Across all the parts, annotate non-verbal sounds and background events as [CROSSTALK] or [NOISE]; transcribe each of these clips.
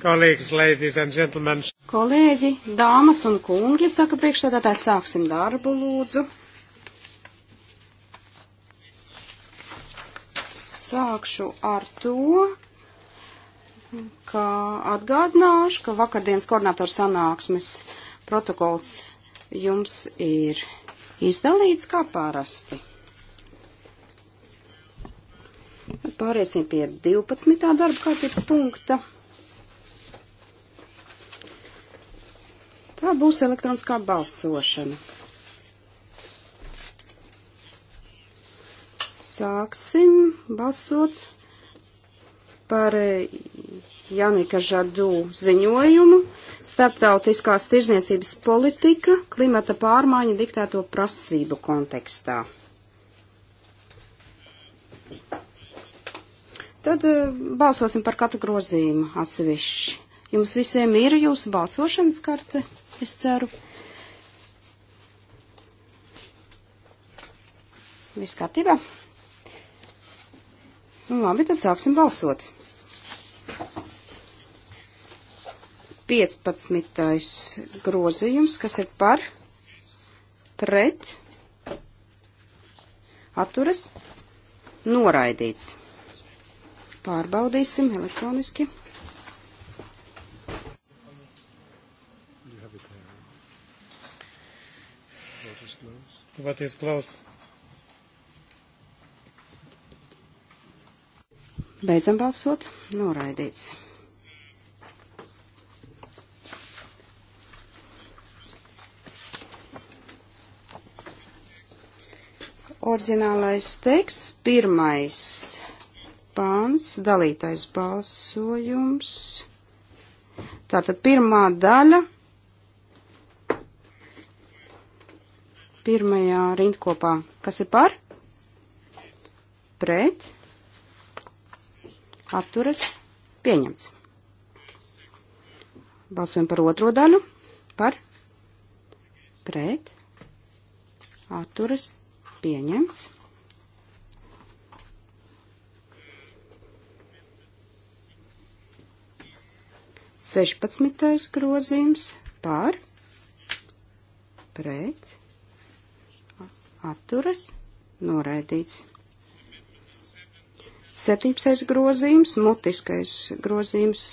Kolēģi, dāmas un kungi, saka priekšstādātājs, sāksim darbu, lūdzu. Sākšu ar to, ka atgādināšu, ka vakardienas koordinātora sanāksmes protokols jums ir izdalīts kā parasti. Pāriesim pie 12. darba kārtības punkta. Tā būs elektroniskā balsošana. Sāksim balsot par eh, Janika Žadū ziņojumu starptautiskās tirzniecības politika klimata pārmaiņu diktēto prasību kontekstā. Tad eh, balsosim par katru grozījumu atsevišķi. Jums visiem ir jūsu balsošanas karte? es ceru. Viss kārtībā. Nu, labi, tad sāksim balsot. 15. grozījums, kas ir par, pret, atturas, noraidīts. Pārbaudīsim elektroniski. Vote is closed. Beidzam balsot. Noraidīts. Orģinālais teksts, pirmais pāns, dalītais balsojums. Tātad pirmā daļa pirmajā rindkopā. Kas ir par? Pret. Atturas. Pieņemts. Balsojam par otro daļu. Par. Pret. Atturas. Pieņemts. Sešpadsmitais grozījums par pret atturas noraidīts. 17. grozījums, mutiskais grozījums,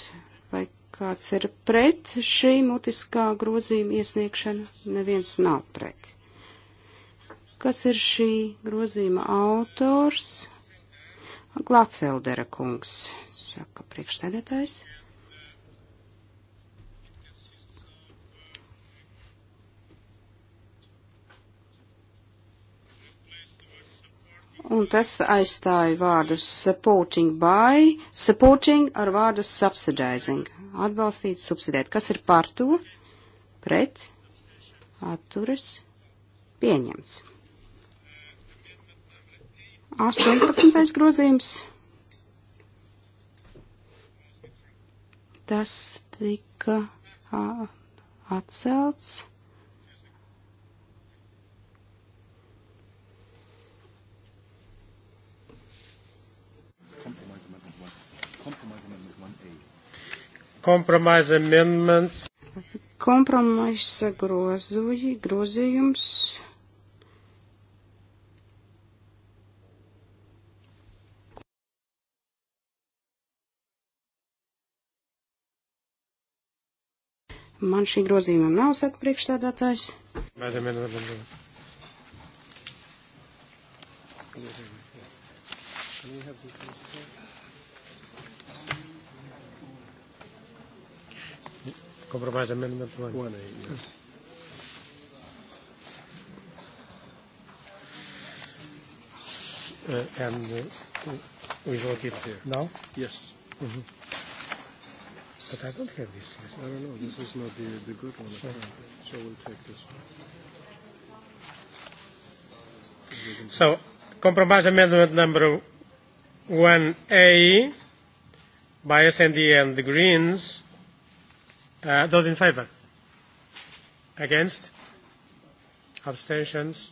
vai kāds ir pret šī mutiskā grozījuma iesniegšanu, neviens nav pret. Kas ir šī grozījuma autors? Glatfeldera kungs, saka priekšsēdētājs. un tas aizstāja vārdu supporting by, supporting ar vārdu subsidizing. Atbalstīt, subsidēt. Kas ir par to? Pret, atturas, pieņemts. 18. grozījums. Tas tika atcelts. Kompromisa grozuji, grozījums. Man šī grozījuma nav, saka priekšstādātājs. Can we have the Compromise amendment one. One A. Yes. Uh, and uh, we voted here. Now? Yes. Mm-hmm. But I don't have this list. I don't know. This is not the, the good one. Apparently. So we'll take this one. So, compromise amendment number 1A by SND and the Greens Uh, those in favor? Against? Abstentions?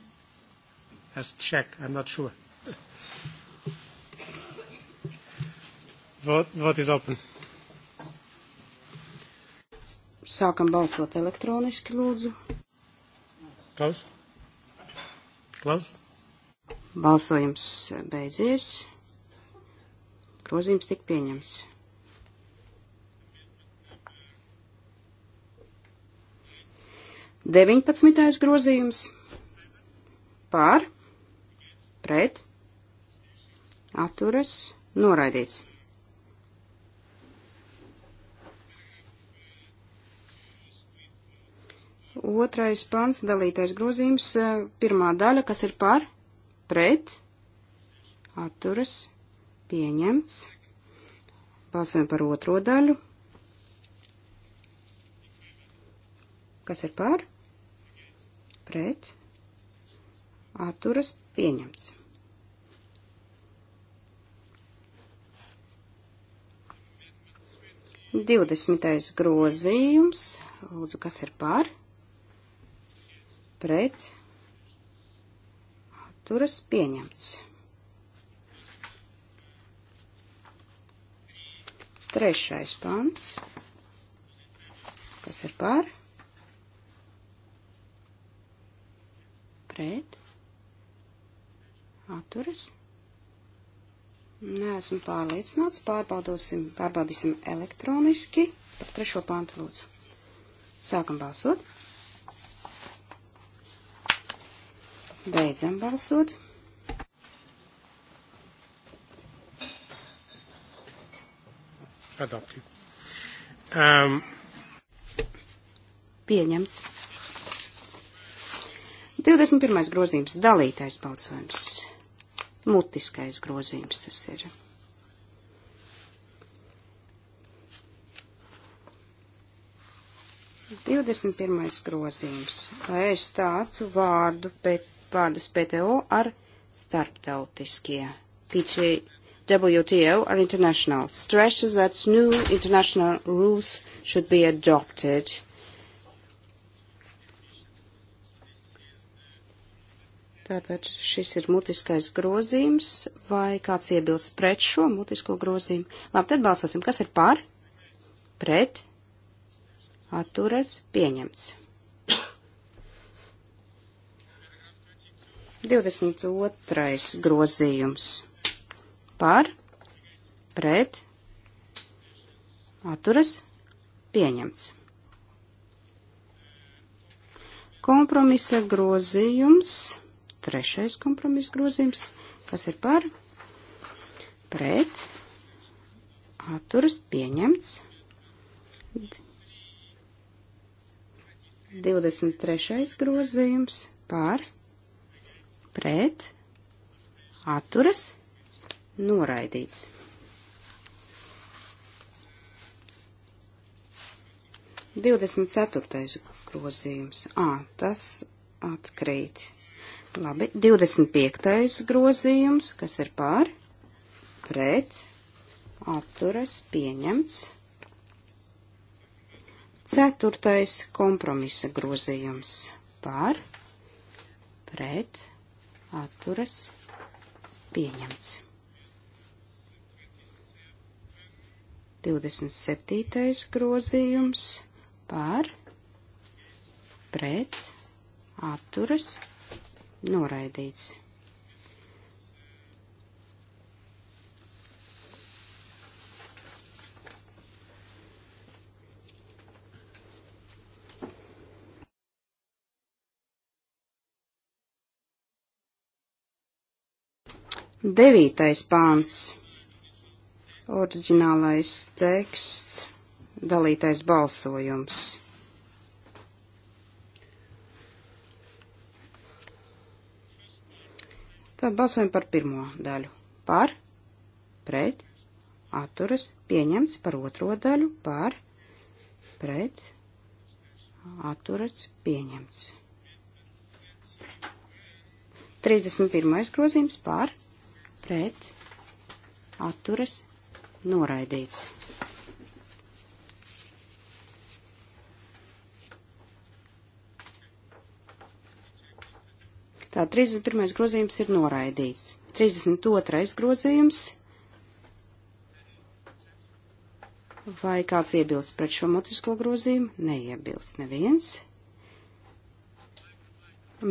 Let's check. I'm not sure. Vote, vote is open. Sākam balsot elektroniski, lūdzu. Klaus? Klaus? Balsojums beidzies. Grozījums tik pieņems. 19. grozījums pār, pret, atturas, noraidīts. Otrais pants, dalītais grozījums, eh, pirmā daļa, kas ir pār, pret, atturas, pieņemts. Balsojam par otro daļu. Kas ir pār? pret, atturas pieņemts. Divdesmitais grozījums, lūdzu, kas ir par, pret, atturas pieņemts. Trešais pants, kas ir par, pret pret, atturas. Neesmu pārliecināts, pārbaudosim, pārbaudīsim elektroniski par trešo pāntu lūdzu. Sākam balsot. Beidzam balsot. Adopted. Um. Pieņemts. 21. grozījums - dalītais balsojums. Mutiskais grozījums tas ir. Divdesmit pirmais grozījums, lai aizstātu vārdu pēc vārdus PTO ar starptautiskie. PTA WTO are international. Stresses that new international rules should be adopted Tātad šis ir mutiskais grozījums, vai kāds iebilst pret šo mutisko grozījumu? Labi, tad balsosim, kas ir par, pret, atturas, pieņemts. 22. grozījums par, pret, atturas, pieņemts. Kompromisa grozījums Trešais kompromiss grozījums, kas ir par pret atturas pieņemts. 23. grozījums par pret atturas noraidīts. Divdesmit ceturtais grozījums. Ā, tas atkrīt. Labi, 25. grozījums, kas ir pār, pret, apturas, pieņemts. Ceturtais kompromisa grozījums pār, pret, atturas, pieņemts. 27. grozījums pār, pret, atturas, pieņemts noraidīts. Devītais pāns. Oriģinālais teksts, dalītais balsojums. Tad balsojam par pirmo daļu. Par, pret, atturas, pieņemts par otro daļu, par, pret, atturas, pieņemts. 31. grozījums par, pret, atturas, noraidīts. Tā 31. grozījums ir noraidīts. 32. grozījums. Vai kāds iebilst pret šo motisko grozījumu? Neiebilst neviens.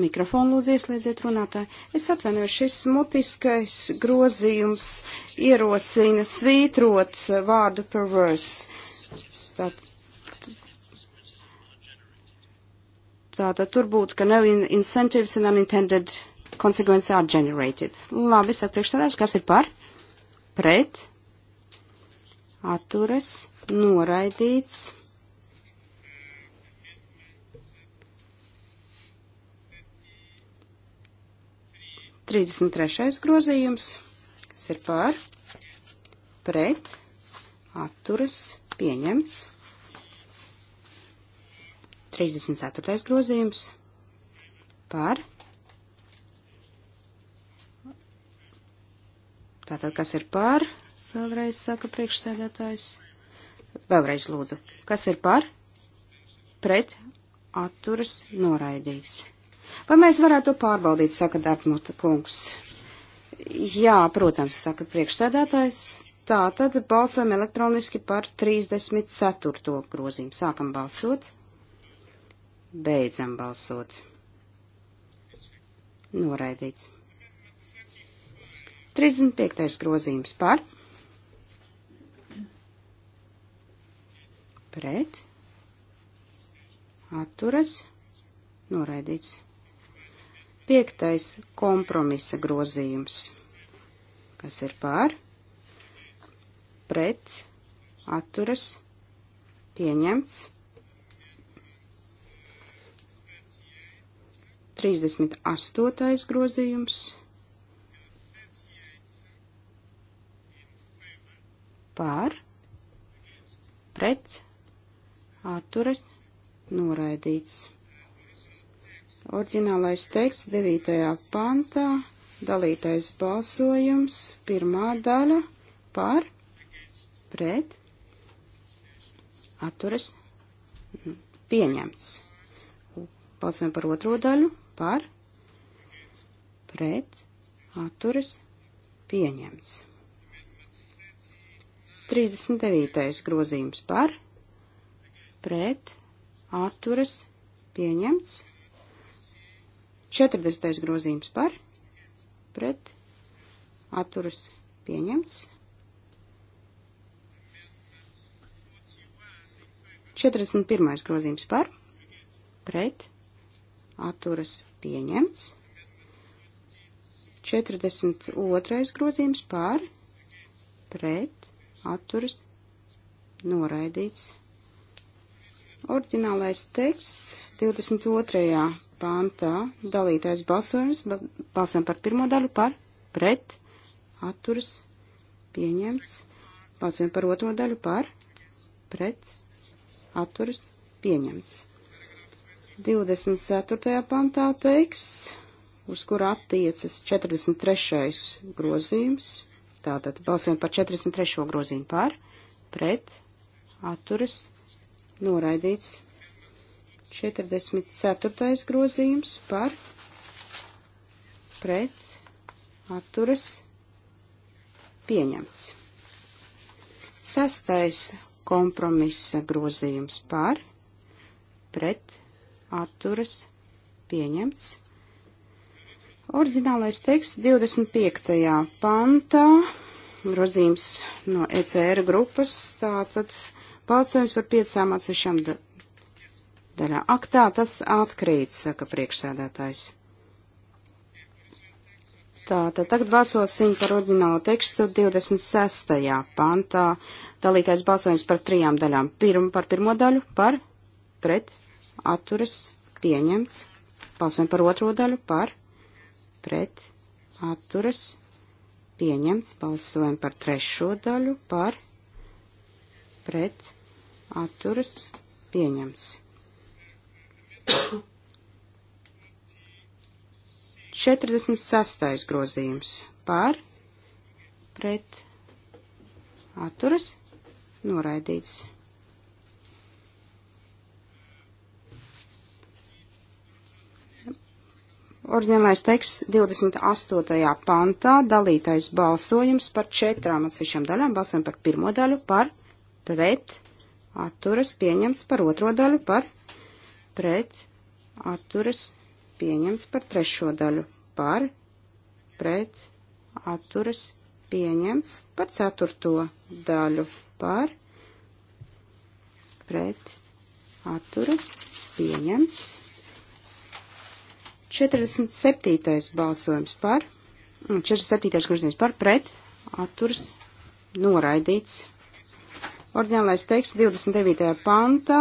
Mikrofonu lūdzu ieslēdziet runātāji. Es atvainoju, šis mutiskais grozījums ierosina svītrot vārdu perverse. Tad Tātad tur būtu, ka no incentives and unintended consequences are generated. Labi, saka priekšstādājs, kas ir par? Pret. Atturas. Noraidīts. Trīsdesmit trešais grozījums, kas ir pār, pret, atturas, pieņemts. 34. grozījums par. Tātad, kas ir par? Vēlreiz saka priekšsēdētājs. Vēlreiz lūdzu. Kas ir par? Pret atturas noraidīts. Vai mēs varētu to pārbaudīt, saka Dārpmuta kungs? Jā, protams, saka priekšsēdētājs. Tā tad balsojam elektroniski par 34. grozīm. Sākam balsot. Beidzam balsot. Noraidīts. 35. grozījums par. Pret. Atturas. Noraidīts. 5. kompromisa grozījums. Kas ir par? Pret. Atturas. Pieņemts. 38. grozījums pār, pret, atturas, noraidīts. Orģinālais teksts 9. pantā, dalītais balsojums, pirmā daļa pār, pret, atturas, pieņemts. Balsojam par otro daļu, par pret atturas pieņemts. 39. grozījums par, pret, atturas, pieņemts. 40. grozījums par, pret, atturas, pieņemts. 41. grozījums par, pret, atturas pieņemts. 42. grozījums pār, pret, atturas, noraidīts. Orģinālais teksts 22. pāntā dalītais balsojums, balsojam par pirmo daļu, par, pret, atturas, pieņemts. Balsojam par otro daļu, par, pret, atturas, pieņemts. 24. pantā teiks, uz kur attiecas 43. grozījums. Tātad balsojam par 43. grozījumu par, pret, atturas, noraidīts. 44. grozījums par, pret, atturas, pieņemts. Sastais kompromisa grozījums par, pret, atturas pieņemts. Orģinālais teksts 25. pantā, grozījums no ECR grupas, tātad balsojums par piecām atsevišķām da daļām. Ak tā, tas atkrīt, saka priekšsēdētājs. Tātad tagad balsosim par oriģinālo tekstu 26. pantā. Dalītais balsojums par trijām daļām. Pirm, par pirmo daļu, par, pret, atturas pieņemts. Balsojam par otro daļu par pret atturas pieņemts. Balsojam par trešo daļu par pret atturas pieņemts. 46. grozījums par pret atturas noraidīts. Orģinālais teksts 28. pantā dalītais balsojums par četrām atsevišķām daļām. Balsojam par pirmo daļu par pret atturas pieņemts par otro daļu par pret atturas pieņemts par trešo daļu par pret atturas pieņemts par ceturto daļu par pret atturas pieņemts 47. balsojums par, 47. grozījums par, pret, atturs, noraidīts. Orģinālais teksts 29. pantā,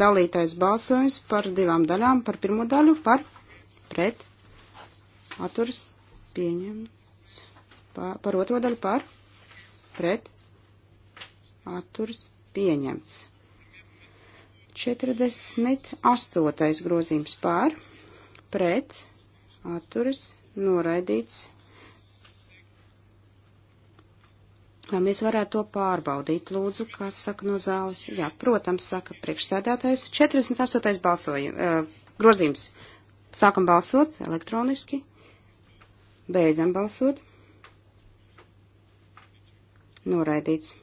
dalītais balsojums par divām daļām, par pirmo daļu, par, pret, atturs, pieņemts, par, par otro daļu, par, pret, atturs, pieņemts. 48. grozījums par, pret, pret, atturas, noraidīts. Lai mēs varētu to pārbaudīt, lūdzu, kā saka no zāles. Jā, protams, saka priekšsēdētājs. 48. balsojums, uh, grozījums. Sākam balsot elektroniski. Beidzam balsot. Noraidīts.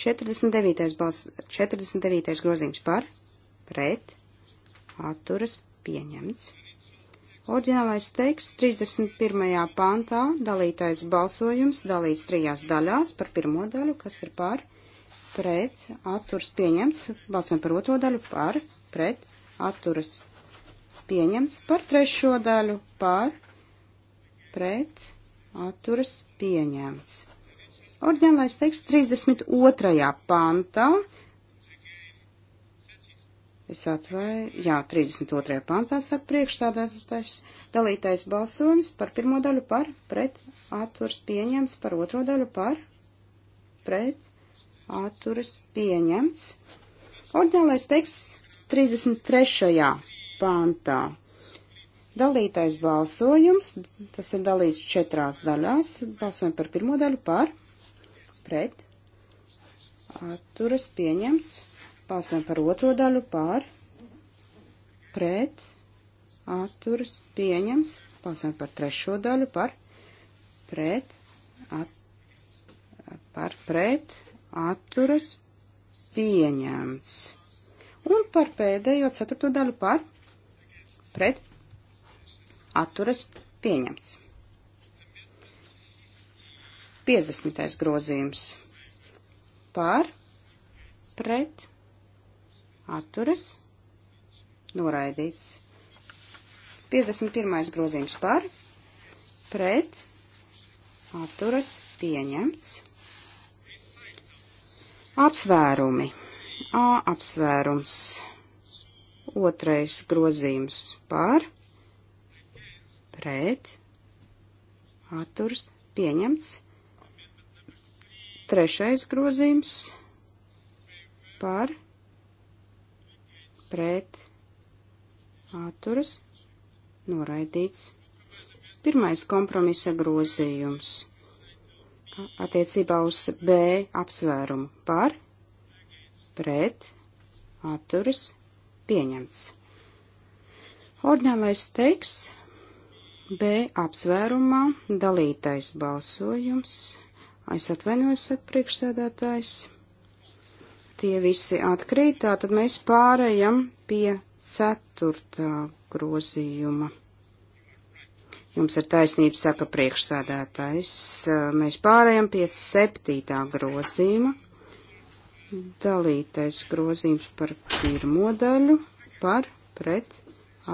49. Balss, 49. grozījums par, pret, atturas pieņemts. Orģinālais teksts 31. pāntā dalītais balsojums dalīts trijās daļās par pirmo daļu, kas ir par, pret, atturs pieņemts, balsojam par otro daļu, par, pret, atturs pieņemts, par trešo daļu, par, pret, atturs pieņemts. Orģinālais teksts 32. pāntā Es atvēju, jā, 32. pantā saka priekšstādātais dalītais balsojums par pirmo daļu par, pret, atturs pieņems, par otro daļu par, pret, atturs pieņemts. Ordinālais teksts 33. pantā. Dalītais balsojums, tas ir dalīts četrās daļās, balsojumi par pirmo daļu par, pret, atturas pieņems Balsojam par otro daļu pār, pret, atturas, pieņems. Balsojam par trešo daļu par, pret, at, par, pret, atturas, pieņemts. Un par pēdējo ceturto daļu par, pret, atturas, pieņemts. 50. grozījums par, pret, atturas, noraidīts. 51. grozījums par, pret, atturas, pieņemts. Apsvērumi. A apsvērums. Otrais grozījums par, pret, atturas, pieņemts. Trešais grozījums par, pret pret atturas noraidīts. Pirmais kompromisa grozījums attiecībā uz B apsvērumu par pret atturas pieņemts. Ordinālais teksts B apsvērumā dalītais balsojums. Es atvainojos, saka priekšsēdētājs tie visi atkrīt, tātad mēs pārējam pie ceturtā grozījuma. Jums ir taisnība, saka priekšsādātājs. Mēs pārējam pie septītā grozījuma. Dalītais grozījums par pirmo daļu, par, pret,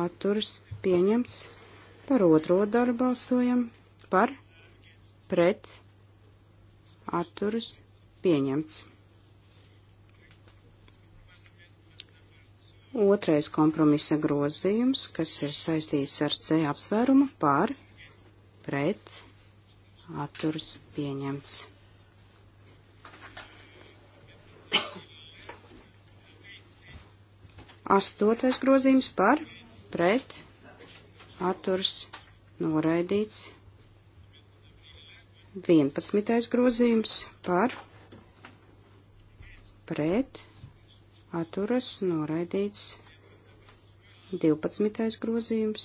atturas, pieņemts. Par otro daļu balsojam, par, pret, atturas, pieņemts. Otrais kompromisa grozījums, kas ir saistīts ar C apsvērumu pār, pret, atturs pieņemts. Astotais grozījums par, pret, atturs noraidīts. Vienpadsmitais grozījums par, pret, atturas noraidīts 12. grozījums.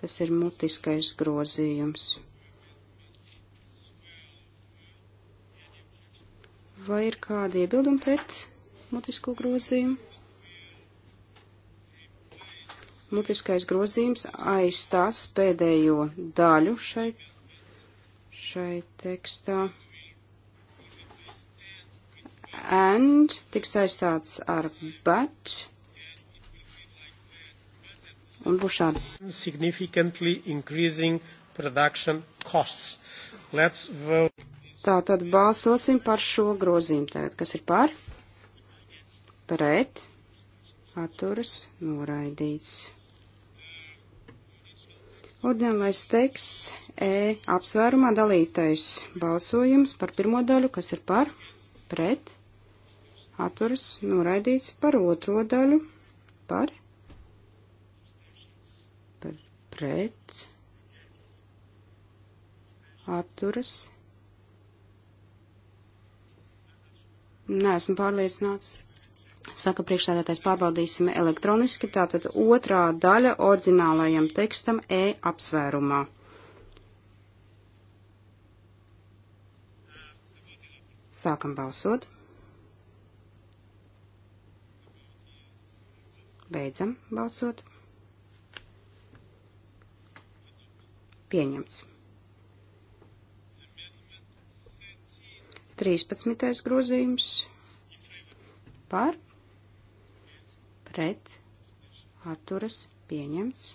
Tas ir mutiskais grozījums. Vai ir kādi iebildumi pret mutisko grozījumu? Mutiskais grozījums aizstās pēdējo daļu šai, šai tekstā and tiks aizstāts ar but. Un būs šādi. Significantly increasing production costs. Let's vote. Tā tad balsosim par šo grozījumu tagad. Kas ir par? Pret. Atturas noraidīts. Ordinālais teksts E apsvērumā dalītais balsojums par pirmo daļu, kas ir par, pret, atturas noraidīts par otro daļu par, par pret, atturas. Nē, esmu pārliecināts. Saka priekšstādātais pārbaudīsim elektroniski, tātad otrā daļa oriģinālajam tekstam E apsvērumā. Sākam balsot. Beidzam balsot. Pieņemts. 13. grozījums par pret atturas pieņemts.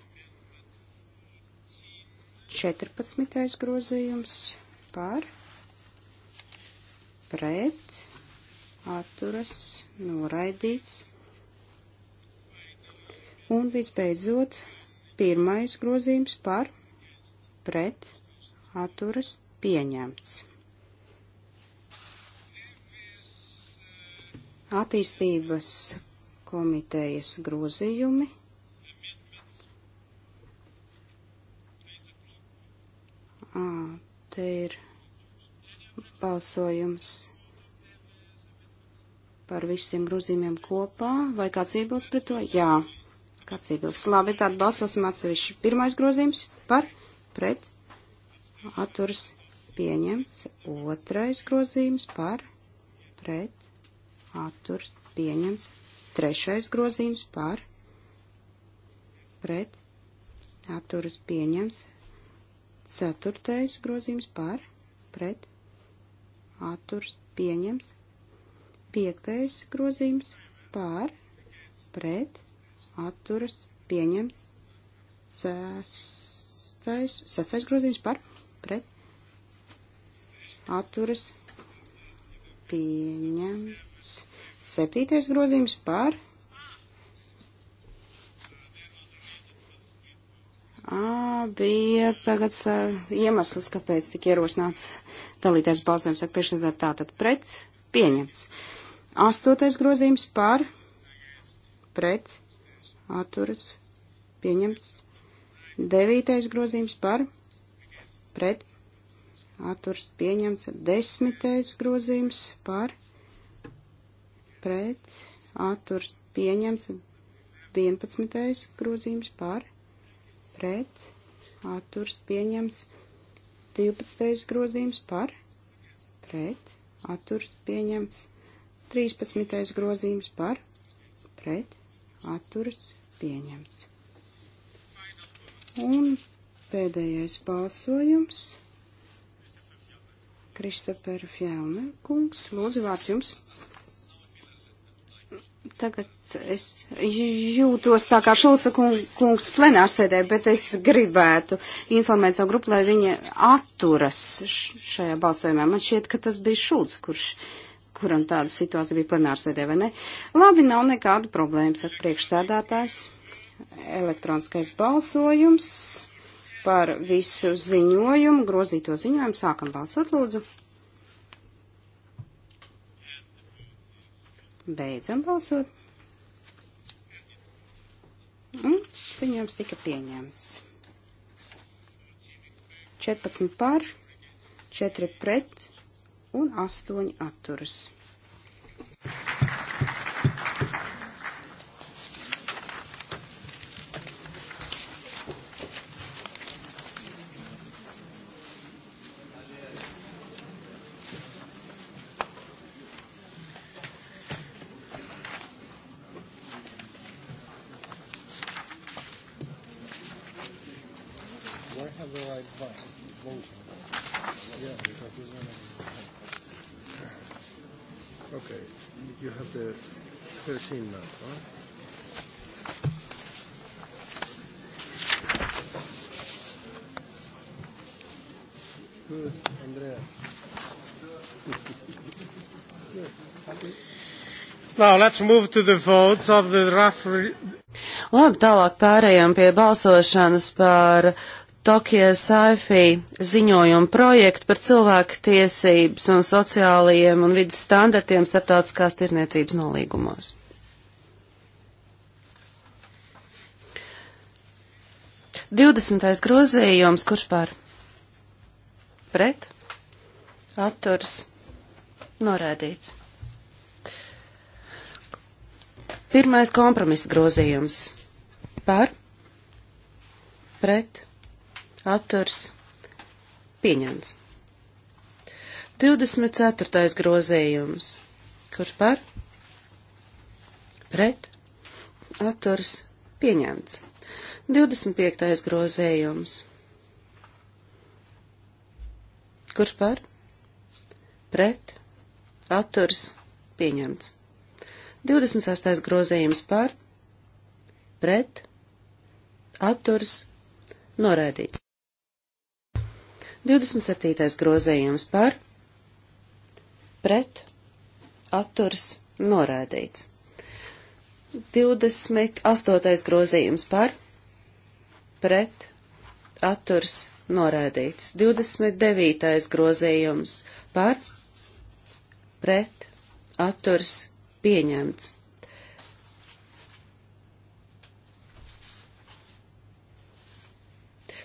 14. grozījums par pret atturas noraidīts. Un visbeidzot, pirmais grozījums par pret atturas pieņemts. Attīstības komitejas grozījumi. À, te ir balsojums par visiem grozījumiem kopā. Vai kāds iebilst pret to? Jā. Kāds iebilst? Labi, tad balsosim atsevišķi. Pirmais grozījums par pret atturas pieņemts. Otrais grozījums par pret atturas pieņemts. Trešais grozījums par pret atturas pieņemts. Ceturtais grozījums par pret atturas pieņemts. Piektais grozījums par pret atturas pieņemts. Sestais, sestais grozījums par pret atturas pieņemts. Septītais grozījums par À, bija tagad uh, iemesls, kāpēc tika ierosināts dalīties balsojums ar priekšsēdētāju tātad pret pieņemts. Astotais grozījums par pret atturas pieņemts. Devītais grozījums par pret atturas pieņemts. Desmitais grozījums par pret atturas pieņemts. Vienpadsmitais grozījums par pret atturas pieņemts. Divpadsmitais grozījums par pret atturas pieņemts. Trīspadsmitais grozījums par pret atturas pieņemts. Un pēdējais balsojums. Kristofer Fjellner kungs, lūdzu vārds jums. Tagad es jūtos tā kā Šulsa kungs plenārsēdē, bet es gribētu informēt savu grupu, lai viņa atturas šajā balsojumā. Man šķiet, ka tas bija Šults, kurš uh, kuram tāda situācija bija plenārsēdē, vai ne? Labi, nav nekādu problēmu, saka priekšsēdētājs. Elektroniskais balsojums par visu ziņojumu, grozīto ziņojumu. Sākam balsot, lūdzu. Beidzam balsot. Un ziņojums tika pieņemts. 14 par, 4 pret, un 8 atturas. Now, let's move to the votes of the draft. Labi, tālāk pārējām pie balsošanas par Tokija Saifī ziņojumu projektu par cilvēku tiesības un sociālajiem un vidas standartiem starptautiskās tirzniecības nolīgumos. Divdesmitais grozījums, kurš pār? Pret? Atturs? Norēdīts. Pirmais kompromisa grozījums par, pret, atturs, pieņemts. 24. grozījums, kurš par, pret, atturs, pieņemts. 25. grozējums. Kurš par? Pret. Atturs. Pieņemts. 26. grozījums par, pret, atturs, noraidīts. 27. grozījums par, pret, atturs, noraidīts. 28. grozījums par, pret, atturs, noraidīts. 29. grozījums par, pret, atturs, pieņemts.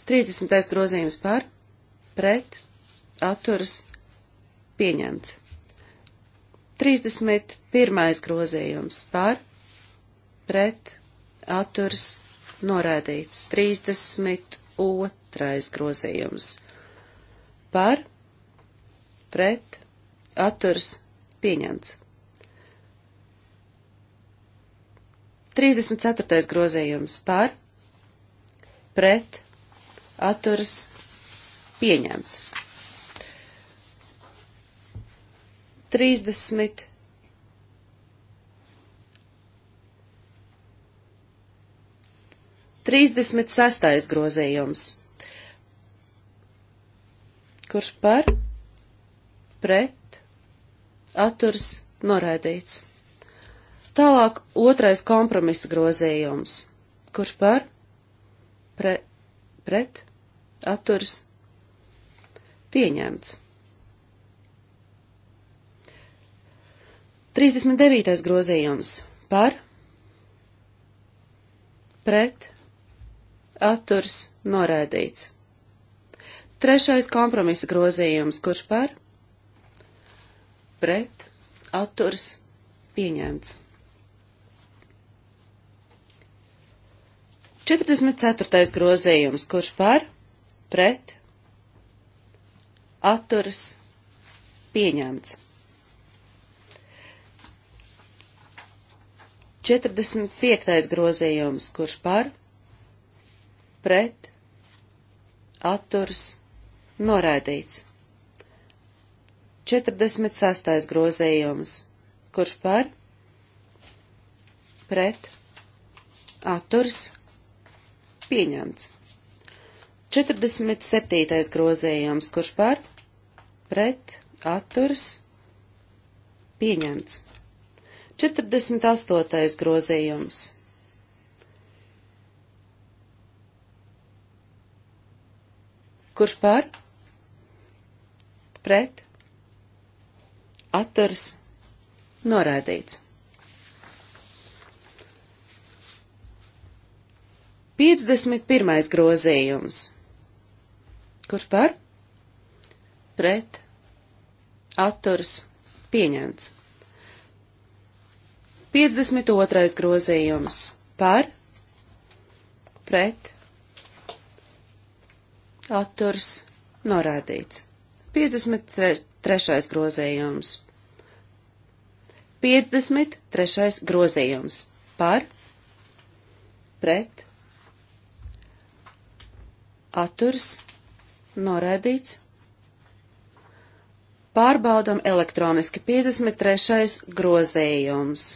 Trīsdesmitais grozījums par, pret, atturas, pieņemts. Trīsdesmit pirmais grozījums par, pret, atturas, norādīts. Trīsdesmit otrais grozījums par, pret, atturas, pieņemts. 34. grozījums par, pret, atturas, pieņemts. 30. Trīsdesmit sastais grozījums, kurš par, pret, atturs, noraidīts. Tālāk otrais kompromisa grozījums. Kurš par? Pre, pret? Atturs? Pieņemts. 39. grozījums. Par? Pret? Atturs? Norēdīts. Trešais kompromisa grozījums, kurš par, pret, atturs, pieņemts. 44. grozījums, kurš par, pret, atturas, pieņemts. 45. grozījums, kurš par, pret, atturas, noraidīts. 46. grozījums, kurš par, pret, atturas, Pieņemts. 47. grozējums, kurš par, pret, atturs, pieņemts. 48. grozējums. Kurš par, pret, atturs, noraidīts. 51. grozījums. Kurš par? Pret. Atturs. Pieņemts. 52. grozījums. Par. Pret. Atturs. Norādīts. 53. grozījums. 53. grozījums. Par. Pret atturs, noraidīts. Pārbaudam elektroniski 53. grozējums.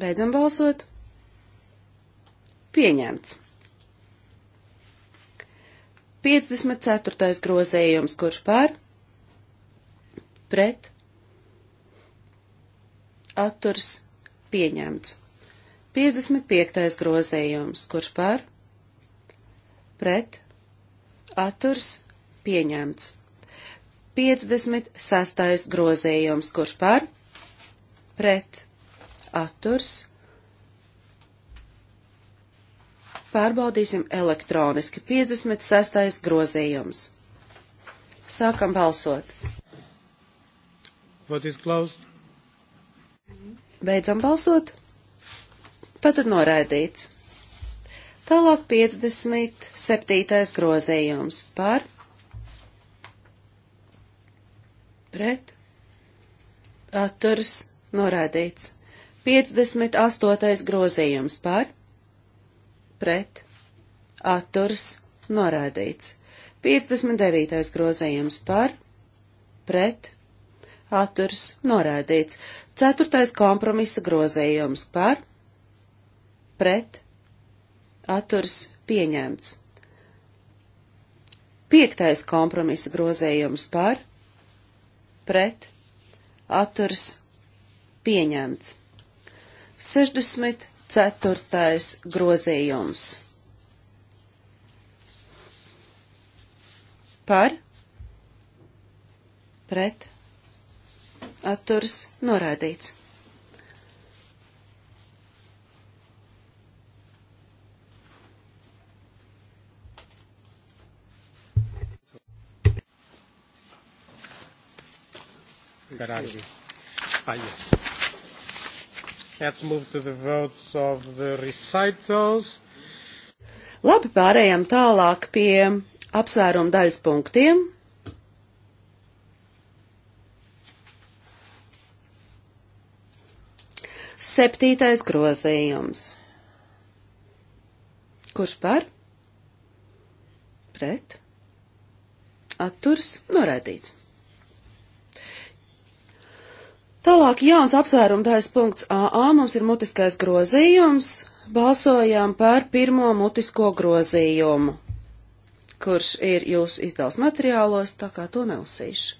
Beidzam balsot. Pieņemts. 54. grozējums, kurš pār, pret, atturs pieņemts. 55. grozējums, kurš par, pret, atturs pieņemts. 56. grozējums, kurš par, pret, atturs. Pārbaudīsim elektroniski 56. grozējums. Sākam balsot. Vote is closed. Beidzam balsot. Tātad noraidīts. Tālāk 57. grozījums par pret atturs noraidīts. 58. grozījums par pret atturs noraidīts. 59. grozījums par pret atturs norādīts. Ceturtais kompromisa grozējums par, pret, atturs pieņemts. Piektais kompromisa grozējums par, pret, atturs pieņemts. 64. grozījums par, pret, atturs norādīts. Garage. Ah, yes. Let's move to the votes of the recitals. Labi, pārējām tālāk pie apsvērumu daļas punktiem. Septītais grozījums. Kurš par? Pret. Atturs norēdīts. Tālāk jauns apsvērumtais punkts AA mums ir mutiskais grozījums. Balsojām par pirmo mutisko grozījumu, kurš ir jūsu izdevums materiālos, tā kā to nelasīšu.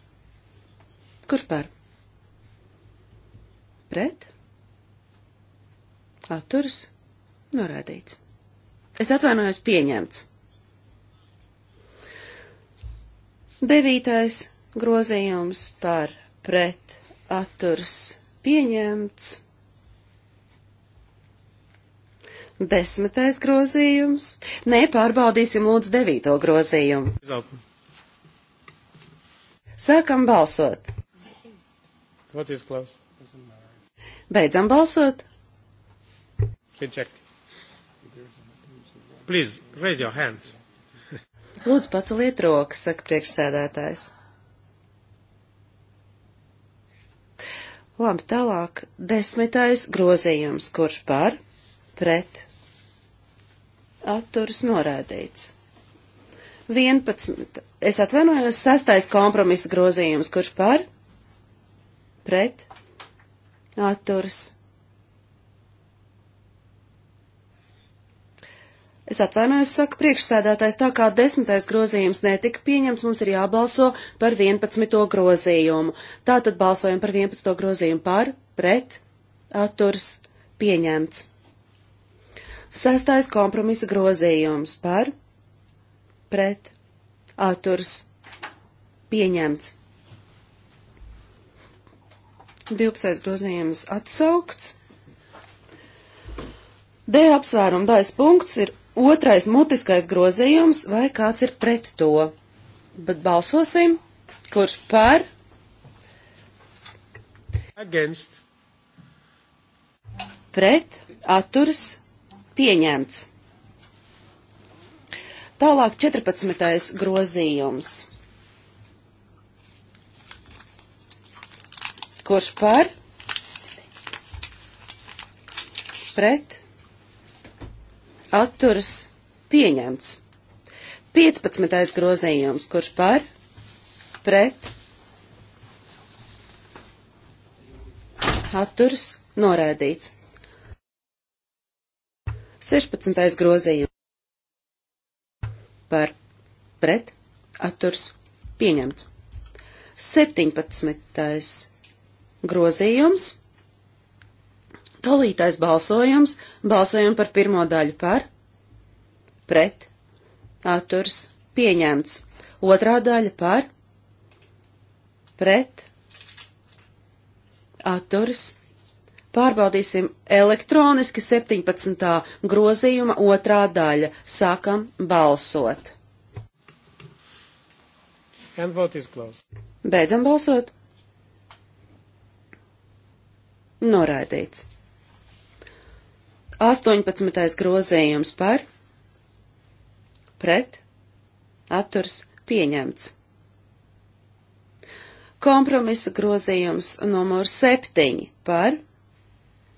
Kurš par? Pret? Atturas. Norādīts. Es atvainojos pieņemts. Devītais grozījums par pret atturs pieņemts. Desmitais grozījums. Nē, pārbaudīsim lūdzu devīto grozījumu. Sākam balsot. Beidzam balsot rejected. Please, raise your hands. Lūdzu, paceliet rokas, saka priekšsēdētājs. Labi, tālāk desmitais grozījums, kurš par, pret, atturas norādīts. 11. Es atvainojos, sastais kompromisa grozījums, kurš par, pret, atturas Es atvainojos, saka priekšsēdētājs, tā kā desmitais grozījums netika pieņemts, mums ir jābalso par 11. grozījumu. Tātad balsojam par 11. grozījumu par, pret, atturs, pieņemts. Sestais kompromisa grozījums par, pret, atturs, pieņemts. 12. grozījums atsaukts. D apsvēruma daļas punkts ir Otrais mutiskais grozījums, vai kāds ir pret to? Bet balsosim, kurš par? Against. Pret, atturs, pieņemts. Tālāk 14. grozījums. Kurš par? Pret? atturas pieņemts. 15. grozījums, kurš par, pret, atturas norēdīts. 16. grozījums par, pret, atturas pieņemts. 17. grozījums Dalītais balsojums. Balsojam par pirmo daļu par. Pret. Atturs. Pieņemts. Otrā daļa par. Pret. Atturs. Pārbaudīsim elektroniski 17. grozījuma otrā daļa. Sākam balsot. Beidzam balsot. Noraidīts. 18. grozējums par, pret, atturs pieņemts. Kompromisa grozījums numur 7 par,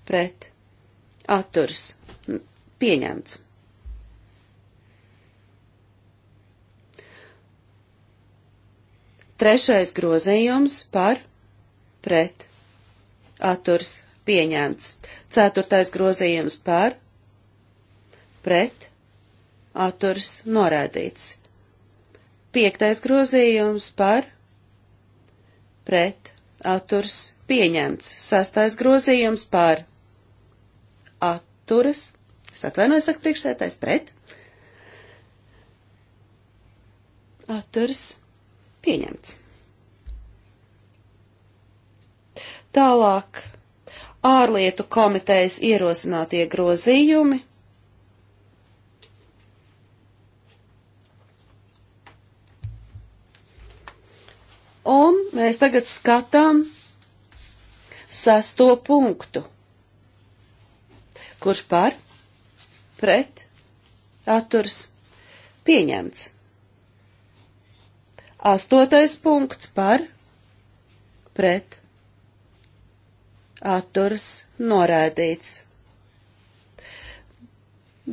pret, atturs pieņemts. Trešais grozījums par, pret, atturs pieņemts. Ceturtais grozījums par, pret, atturs norādīts. Piektais grozījums par, pret, atturs pieņemts. Sastais grozījums par, atturas, es atvainojos, saka priekšsētājs, pret, atturs pieņemts. Tālāk ārlietu komitejas ierosinātie grozījumi. Un mēs tagad skatām sesto punktu. Kurš par? Pret? Atturs? Pieņemts. Astotais punkts par? Pret? atturas norādīts.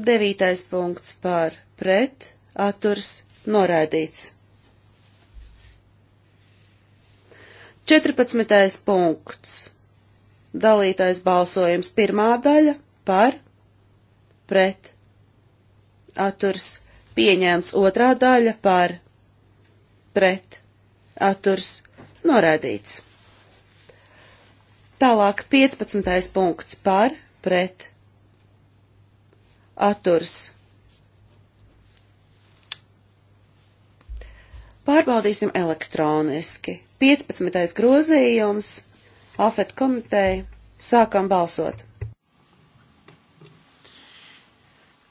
Devītais punkts par pret atturas norādīts. 14. punkts. Dalītais balsojums pirmā daļa par pret atturs pieņemts otrā daļa par pret atturs norādīts. Tālāk 15. punkts par pret atturs. Pārbaudīsim elektroniski. 15. grozījums AFET komiteja. Sākam balsot.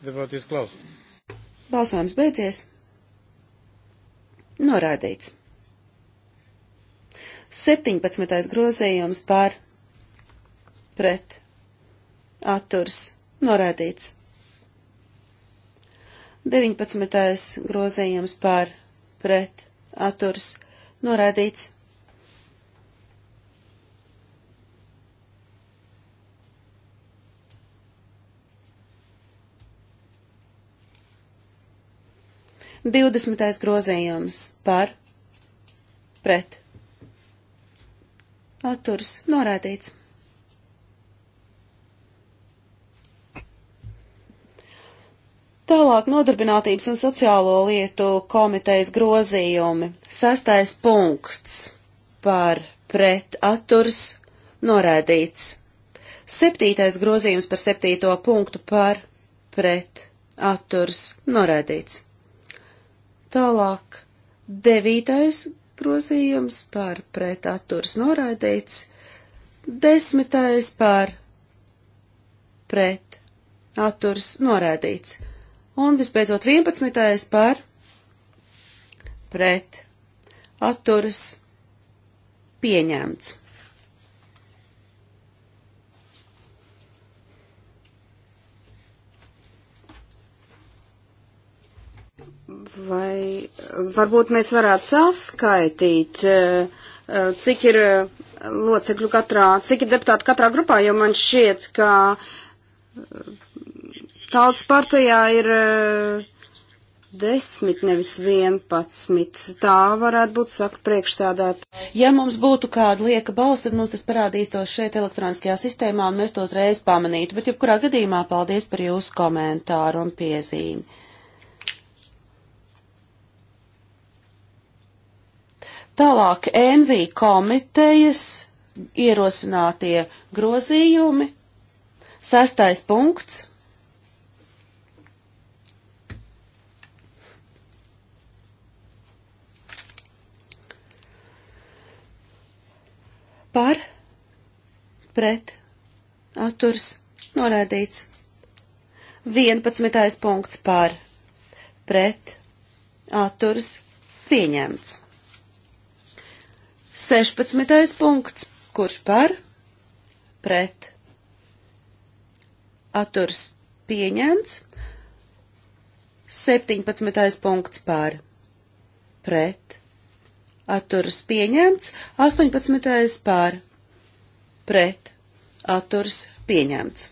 Debatīs klausīt. Balsojums beidzies. Norādīts. 17. grozījums par pret atturs norādīts. 19. grozījums par pret atturs norādīts. Divdesmitais grozījums par pret atturs norādīts. Tālāk nodarbinātības un sociālo lietu komitejas grozījumi. Sastais punkts par pret atturs norēdīts. Septītais grozījums par septīto punktu par pret atturs norēdīts. Tālāk devītais grozījums par pret atturs norēdīts. Desmitais par pret atturs norēdīts. Un visbeidzot 11. par pret atturas pieņemts. Vai varbūt mēs varētu saskaitīt, eh, eh, cik ir eh, locekļu katrā, cik ir deputāti katrā grupā, jo man šķiet, ka Tautas partijā ir eh, desmit, nevis vienpadsmit. Tā varētu būt, saka, priekšsādāt. Ja mums būtu kāda lieka balss, tad mums tas parādītos šeit elektroniskajā sistēmā un mēs tos reiz pamanītu. Bet jebkurā gadījumā paldies par jūsu komentāru un piezīmi. Tālāk NV komitejas ierosinātie grozījumi. Sastais punkts. par pret atturs norādīts. 11. punkts par pret atturs pieņemts. 16. punkts, kurš par pret atturs pieņemts. 17. punkts par pret atturas pieņemts, 18. pār pret atturas pieņemts.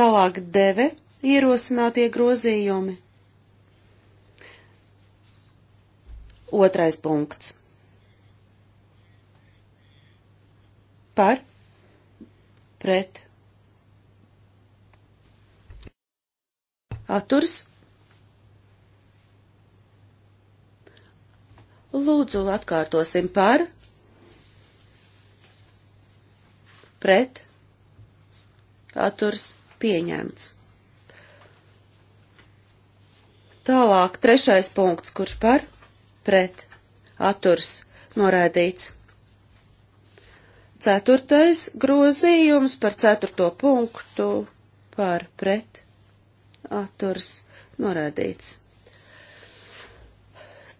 Tālāk deve ierosinātie grozījumi. Otrais punkts. Par, pret, Atturs. Lūdzu, atkārtosim par. Pret. Atturs pieņemts. Tālāk trešais punkts, kurš par. Pret. Atturs noraidīts. Ceturtais grozījums par ceturto punktu par pret atturs norādīts.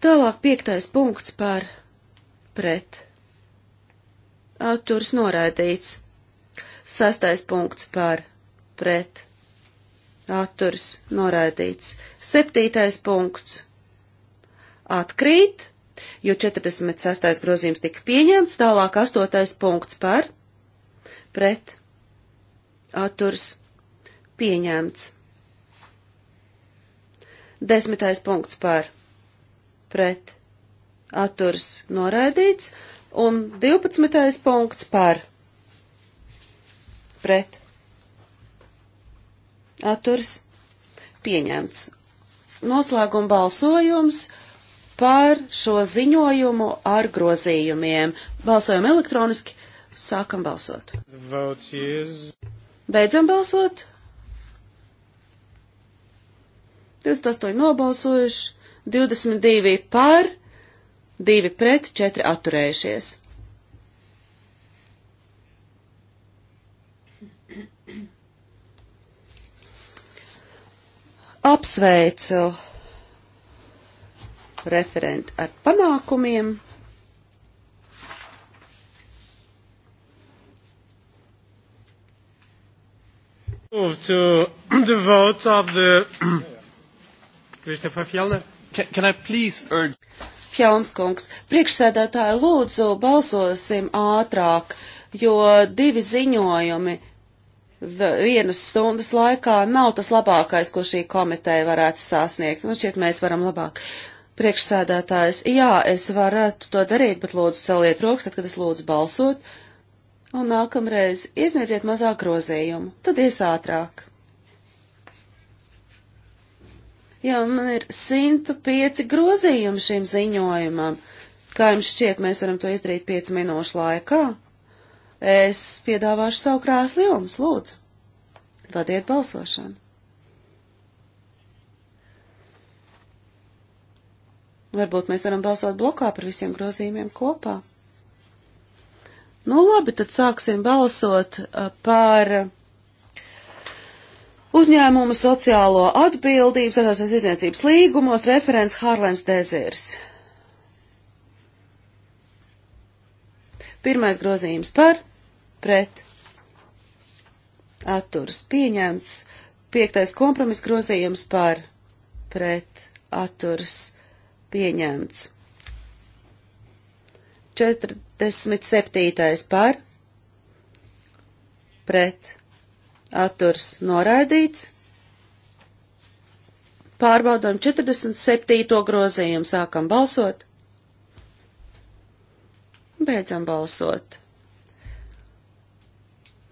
Tālāk piektais punkts par pret atturs norādīts. Sastais punkts par pret atturs norādīts. Septītais punkts atkrīt, jo 46. grozījums tika pieņemts, tālāk 8. punkts par pret atturs pieņemts. Desmitais punkts par pret atturs noraidīts. Un 12. punkts par pret atturs pieņemts. Noslēguma balsojums par šo ziņojumu ar grozījumiem. Balsojam elektroniski, sākam balsot. Beidzam balsot. 28 nobalsojuši, 22 par, 2 pret, 4 atturējušies. Apsveicu referenti ar panākumiem. Move to [CLEARS THROAT] the vote of the [CLEARS THROAT] Kristofer Fjellner. Can, can I please urge? Fjellnskungs, priekšsēdētāji lūdzu balsosim ātrāk, jo divi ziņojumi vienas stundas laikā nav tas labākais, ko šī komiteja varētu sasniegt. Man šķiet, mēs varam labāk. Priekšsēdētājs, jā, es varētu to darīt, bet lūdzu celiet rokas, tad, kad es lūdzu balsot, un nākamreiz izniedziet mazāk grozījumu, tad ies ātrāk. jo man ir 105 grozījumi šim ziņojumam. Kā jums šķiet, mēs varam to izdarīt 5 minūšu laikā? Es piedāvāšu savu krēslu jums, lūdzu. Vadiet balsošanu. Varbūt mēs varam balsot blokā par visiem grozījumiem kopā. Nu labi, tad sāksim balsot uh, par Uzņēmumu sociālo atbildību starptautiskās izniecības līgumos referents Harlens Dezirs. Pirmais grozījums par, pret, atturas pieņemts. Piektais kompromiss grozījums par, pret, atturas pieņemts. 47. par, pret, atturs noraidīts. Pārbaudām 47. grozījumu, sākam balsot. Beidzam balsot.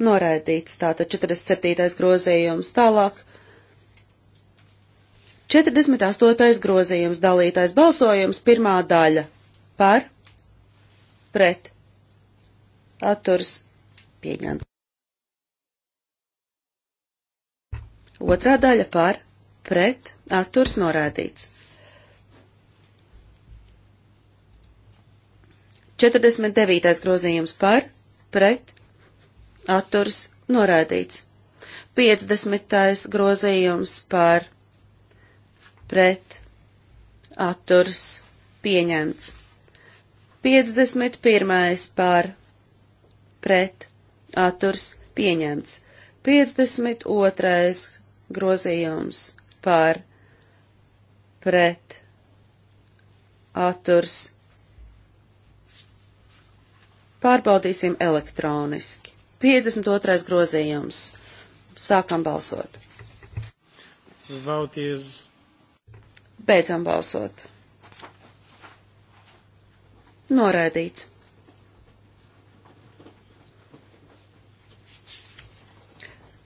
Noraidīts tātad 47. grozījums tālāk. 48. grozījums dalītais balsojums pirmā daļa par pret atturs pieņemt. Otrā daļa par pret atturs norādīts. 49. grozījums par pret atturs norādīts. 50. grozījums par pret atturs pieņemts. 51. par pret atturs pieņemts. 52 grozījums par pret atturs. Pārbaudīsim elektroniski. 52. grozījums. Sākam balsot. Vauties. Beidzam balsot. Noraidīts.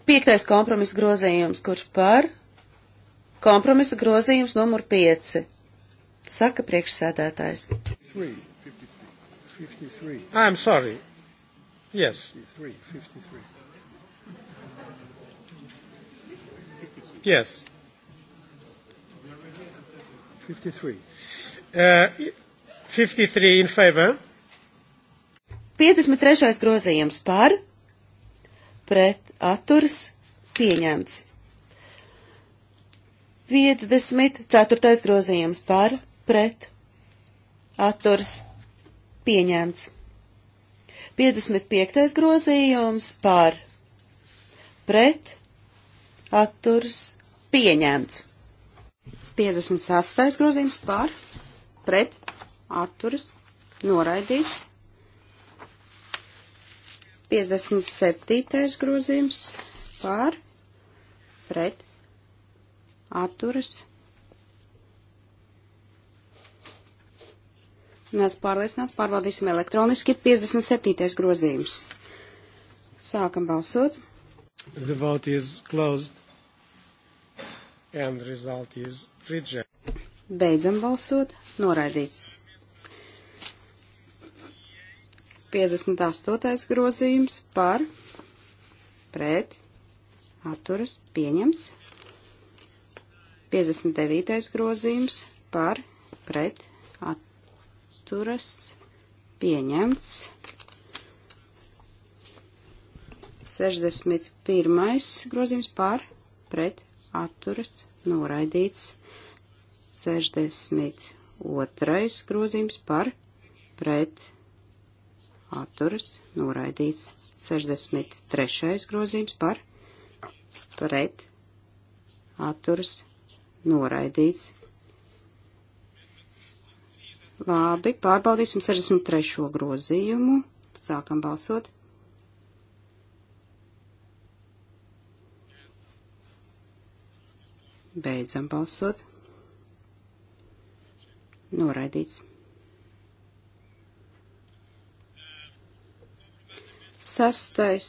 Piektais kompromisa grozījums, kurš par kompromisa grozījums numur 5. Saka priekšsēdētājs. 53. 53. I'm sorry. Yes. 53. 53. Yes. 53. Uh, 53 in favor. 53. grozījums par pret atturs pieņemts. 54. grozījums par pret atturs pieņemts. 55. grozījums par pret atturs pieņemts. 56. grozījums par pret atturas noraidīts. 57. grozījums pār pret atturas. Nes pārliecināts, pārbaudīsim elektroniski 57. grozījums. Sākam balsot. The vote is closed and result is rejected. Beidzam balsot. Noraidīts. 58. grozījums par pret atturas pieņemts. 59. grozījums par pret atturas pieņemts. 61. grozījums par pret atturas noraidīts. 62. grozījums par pret atturas noraidīts. 63. grozījums par pret atturas noraidīts. Labi, pārbaudīsim 63. grozījumu. Sākam balsot. Beidzam balsot. Noraidīts. Sastais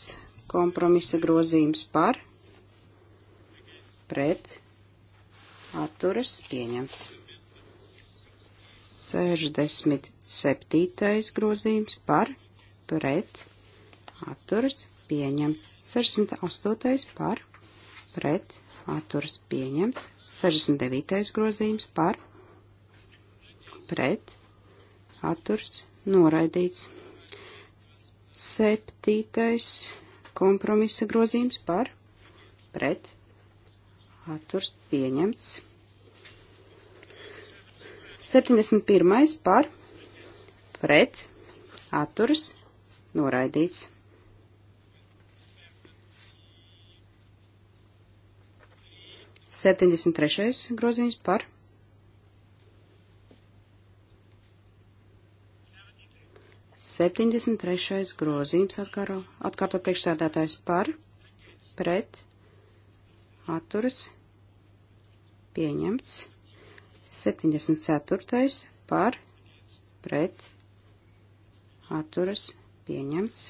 kompromisa grozījums par, pret, atturas pieņemts. 67. grozījums par, pret, atturas pieņemts. 68. par, pret, atturas pieņemts. 69. grozījums par, pret, atturas noraidīts. Septītais kompromisa grozījums par pret atturs pieņemts. 71. par pret atturs noraidīts. Septiņdesmit trešais grozījums par 73. grozījums atkāro, atkārto priekšsēdētājs par, pret, atturas, pieņemts. 74. par, pret, atturas, pieņemts.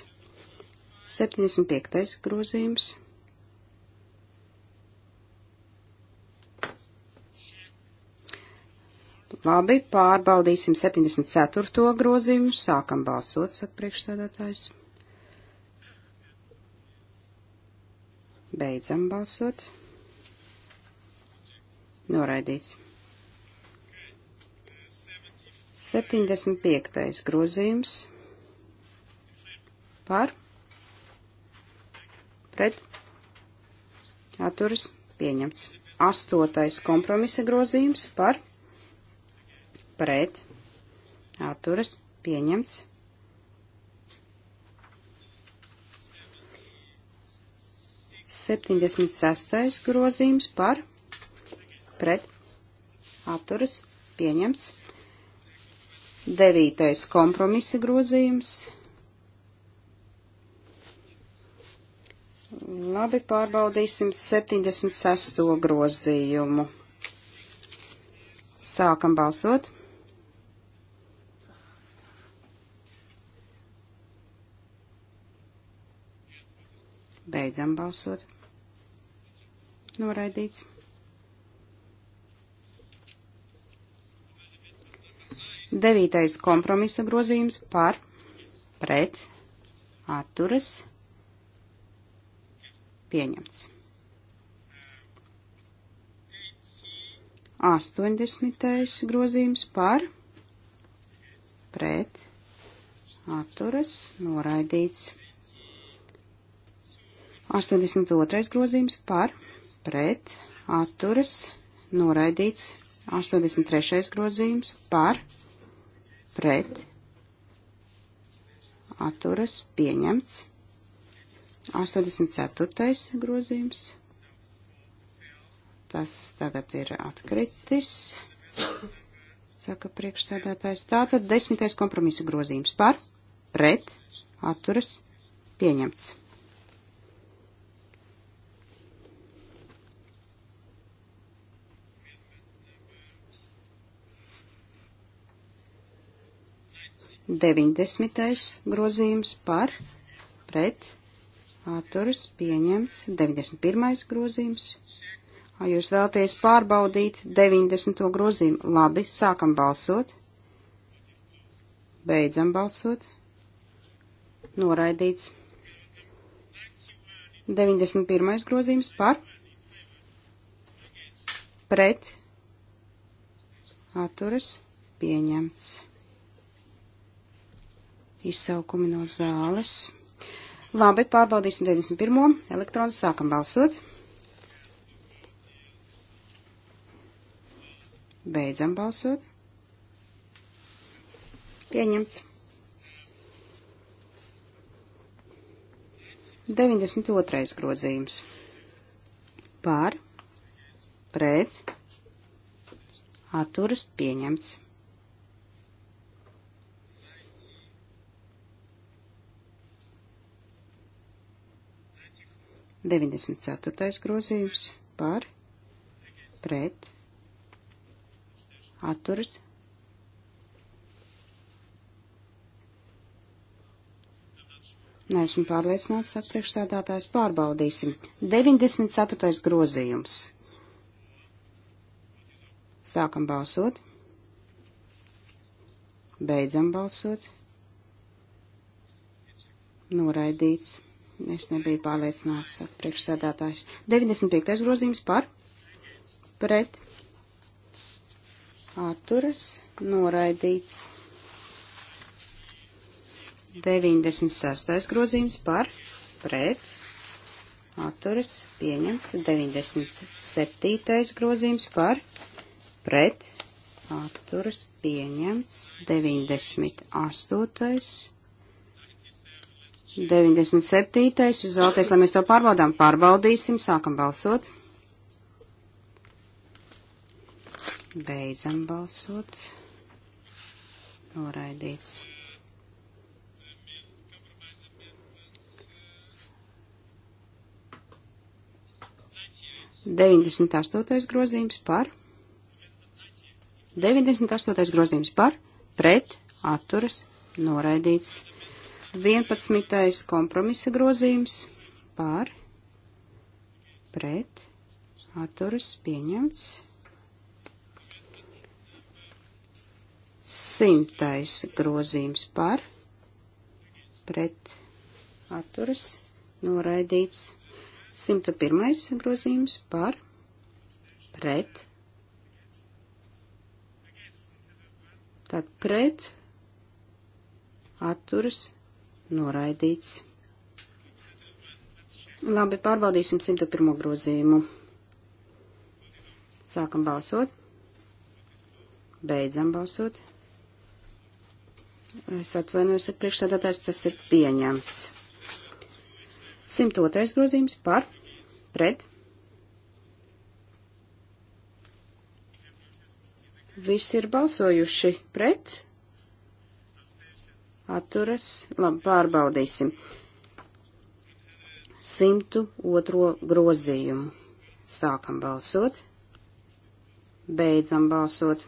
75. grozījums Labi, pārbaudīsim 74. grozījumu. Sākam balsot, saka priekšsēdētājs. Beidzam balsot. Noraidīts. 75. grozījums par pret atturas pieņemts. 8. kompromisa grozījums par pret pret, atturas, pieņemts. Septiņdesmit sastais grozījums par, pret, atturas, pieņemts. Devītais kompromisa grozījums. Labi, pārbaudīsim 76. grozījumu. Sākam balsot. Beidzam balsot. Noraidīts. Devītais kompromisa grozījums par, pret, atturas, pieņemts. 80. grozījums par, pret, atturas, noraidīts. 82. grozījums par pret atturas noraidīts. 83. grozījums par pret atturas pieņemts. 84. grozījums. Tas tagad ir atkritis, saka priekšsēdētājs. Tātad desmitais kompromisa grozījums par pret atturas pieņemts. 90. grozījums par pret atturas pieņemts 91. grozījums. Ja jūs vēlaties pārbaudīt 90. grozījumu, labi, sākam balsot, beidzam balsot, noraidīts 91. grozījums par pret atturas pieņemts izsaukumi no zāles. Labi, pārbaudīsim 91. elektronu, sākam balsot. Beidzam balsot. Pieņemts. 92. grozījums. Pār, pret, atturas pieņemts. 94. grozījums par pret atturas Neesmu pārliecināts, saka priekšstādātājs, pārbaudīsim. 94. grozījums. Sākam balsot. Beidzam balsot. Noraidīts. Es nebiju pārliecināts priekšsēdētājs. 95. grozījums par pret atturas noraidīts. 96. grozījums par pret atturas pieņemts. 97. grozījums par pret atturas pieņemts. 98. 97. Jūs vēlaties, lai mēs to pārbaudām? Pārbaudīsim, sākam balsot. Beidzam balsot. Noraidīts. Deviņdesmit astotais grozījums par. 98. grozījums par, pret, atturas, noraidīts. 11. kompromisa grozījums pār, pret, atturas pieņemts. 100. grozījums pār, pret, atturas noraidīts. 101. grozījums pār, pret, tad pret, atturas noraidīts. Labi, pārbaudīsim 101. grozījumu. Sākam balsot. Beidzam balsot. Es atvainojos, ka priekšsēdētājs tas ir pieņemts. 102. grozījums par, pret. Visi ir balsojuši pret atturas, labi, pārbaudīsim. 102. grozījumu. Sākam balsot, beidzam balsot,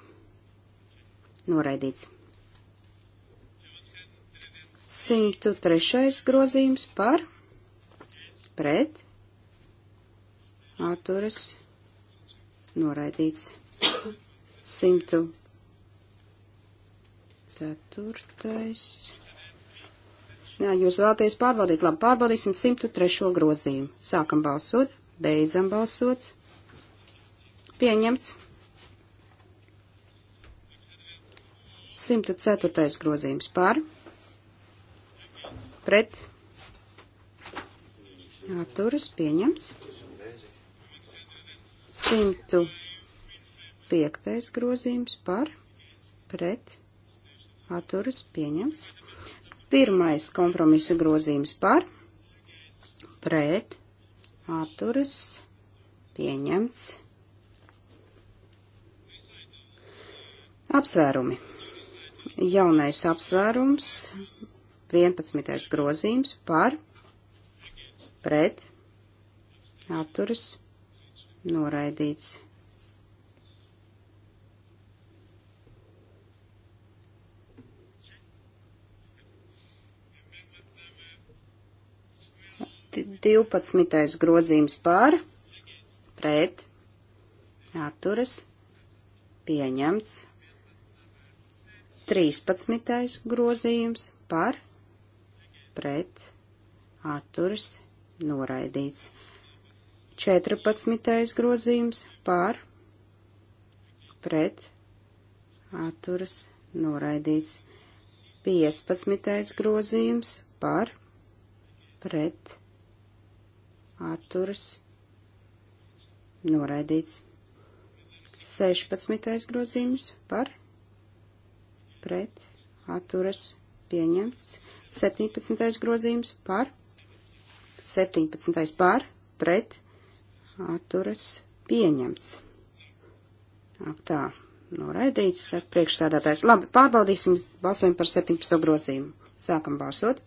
noraidīts. 103. grozījums par, pret, atturas, noraidīts. 104. Ceturtais. Jā, jūs vēlaties pārbaudīt. Labi, pārbaudīsim 103. grozījumu. Sākam balsot, beidzam balsot. Pieņemts. 104. grozījums pār. Pret. Atturas pieņemts. 105. grozījums par. Pret atturas pieņems. Pirmais kompromisa grozījums par, pret, atturas pieņemts. Apsvērumi. Jaunais apsvērums, 11. grozījums par, pret, atturas noraidīts. 12. grozījums pār, pret, atturas, pieņemts. 13. grozījums par, pret, atturas, noraidīts. 14. grozījums par, pret, atturas, noraidīts. 15. grozījums par, pret, atturas noraidīts. 16. grozījums par pret atturas pieņemts. 17. grozījums par 17. par pret atturas pieņemts. Ak tā, noraidīts, saka priekšsādātājs. Labi, pārbaudīsim, balsojam par 17. grozījumu. Sākam balsot.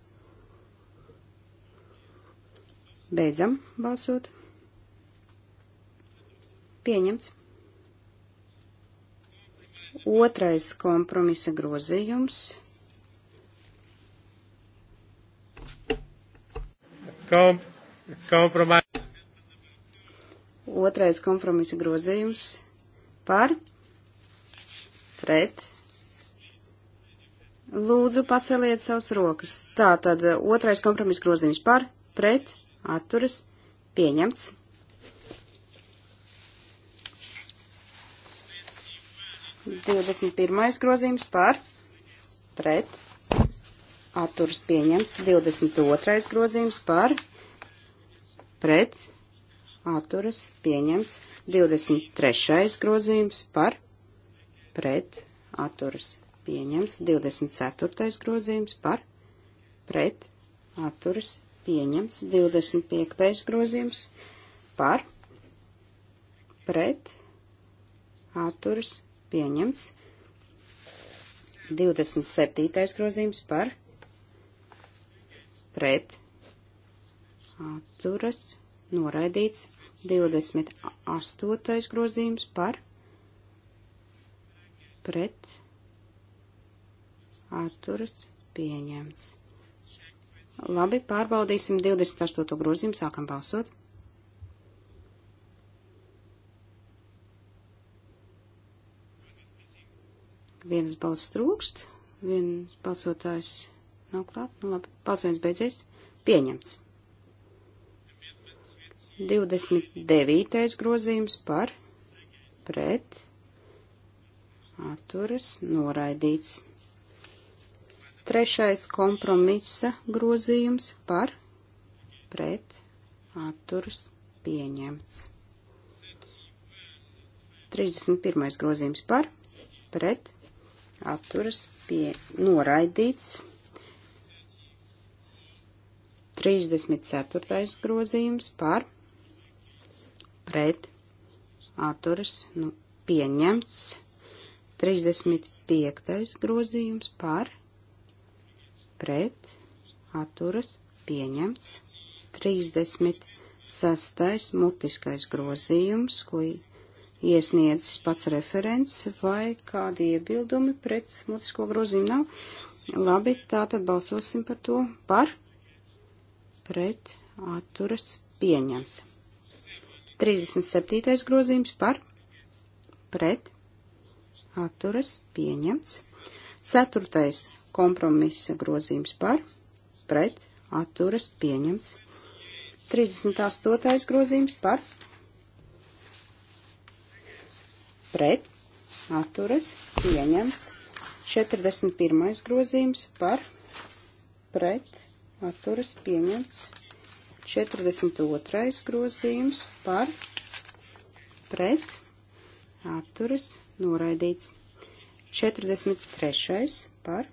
Beidzam balsot. Pieņemts. Otrais kompromisa grozījums. Kom, kompromis. Otrais kompromisa grozījums par pret. Lūdzu, paceliet savas rokas. Tā tad otrais kompromisa grozījums par pret atturas pieņemts. 21. grozījums par pret atturas pieņemts, 22. grozījums par pret atturas pieņemts, 23. grozījums par pret atturas pieņemts, 24. grozījums par pret atturas pieņemts 25. grozījums par pret atturas pieņemts 27. grozījums par pret atturas noraidīts 28. grozījums par pret atturas pieņemts Labi, pārbaudīsim 28. grozījumu, sākam balsot. Vienas balss trūkst, viens balsotājs nav klāt, nu labi, balsojums beidzies, pieņemts. 29. grozījums par, pret, atturas, noraidīts. Trešais kompromisa grozījums par pret atturs pieņemts. 31. grozījums par pret atturas pie noraidīts. 34. grozījums par pret atturas nu, pieņemts. 35. grozījums par pret, atturas, pieņemts. 36. mutiskais grozījums, ko iesniedzis pats referents, vai kādi iebildumi pret mutisko grozījumu nav. Labi, tātad balsosim par to. Par, pret, atturas, pieņemts. 37. grozījums par, pret, atturas, pieņemts. 4 kompromisa grozījums par, pret, atturas pieņemts. 38. grozījums par, pret, atturas pieņemts. 41. grozījums par, pret, atturas pieņemts. 42. grozījums par, pret, atturas noraidīts. 43. par,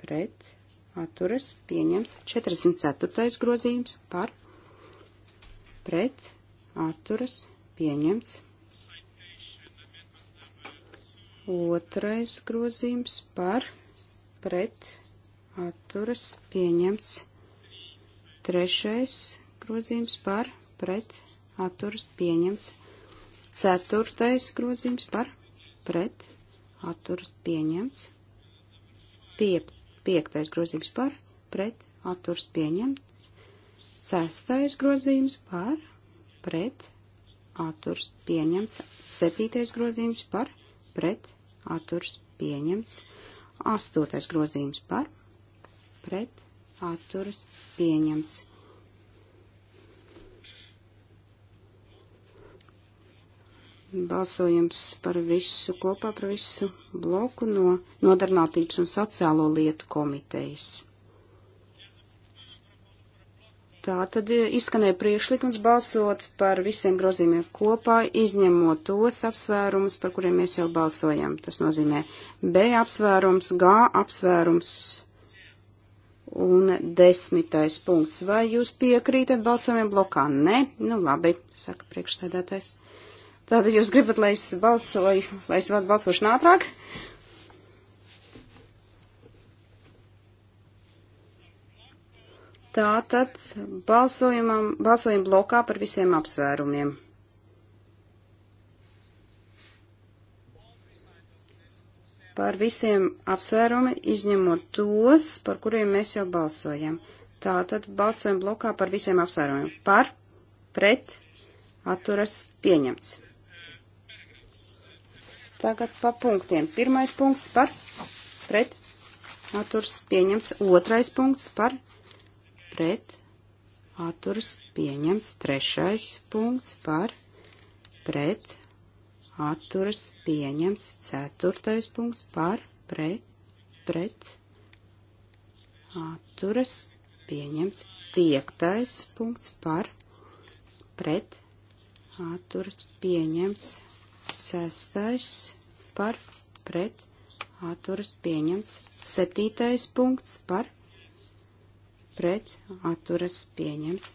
pret atturas pieņems 44. grozījums par pret atturas pieņemts. Otrais grozījums par pret atturas pieņemts. Trešais grozījums par pret atturas pieņemts. Ceturtais grozījums par pret atturas pieņemts. Piept Piektais grozījums par pret atturs pieņemts. Sestais grozījums par pret atturs pieņemts. Septītais grozījums par pret atturs pieņemts. Astotais grozījums par pret atturs pieņemts. balsojums par visu kopā, par visu bloku no Nodarbinātības un sociālo lietu komitejas. Tā tad izskanēja priekšlikums balsot par visiem grozījumiem kopā, izņemot tos apsvērumus, par kuriem mēs jau balsojam. Tas nozīmē B apsvērums, G apsvērums un desmitais punkts. Vai jūs piekrītat balsojumiem blokā? Nē, nu labi, saka priekšsēdētājs. Tātad jūs gribat, lai es balsoju, lai es vadu balsošanu ātrāk? Tātad balsojumam, balsojam blokā par visiem apsvērumiem. Par visiem apsvērumi izņemot tos, par kuriem mēs jau balsojam. Tātad balsojam blokā par visiem apsvērumiem. Par, pret, atturas, pieņemts. Tagad pa punktiem. Pirmais punkts par pret atturs pieņems. Otrais punkts par pret atturs pieņems. Trešais punkts par pret atturs pieņems. Ceturtais punkts par pret pret atturas pieņems. Piektais punkts par pret atturas pieņems. Sestais par pret atturas pieņemts. Septītais punkts par pret atturas pieņemts.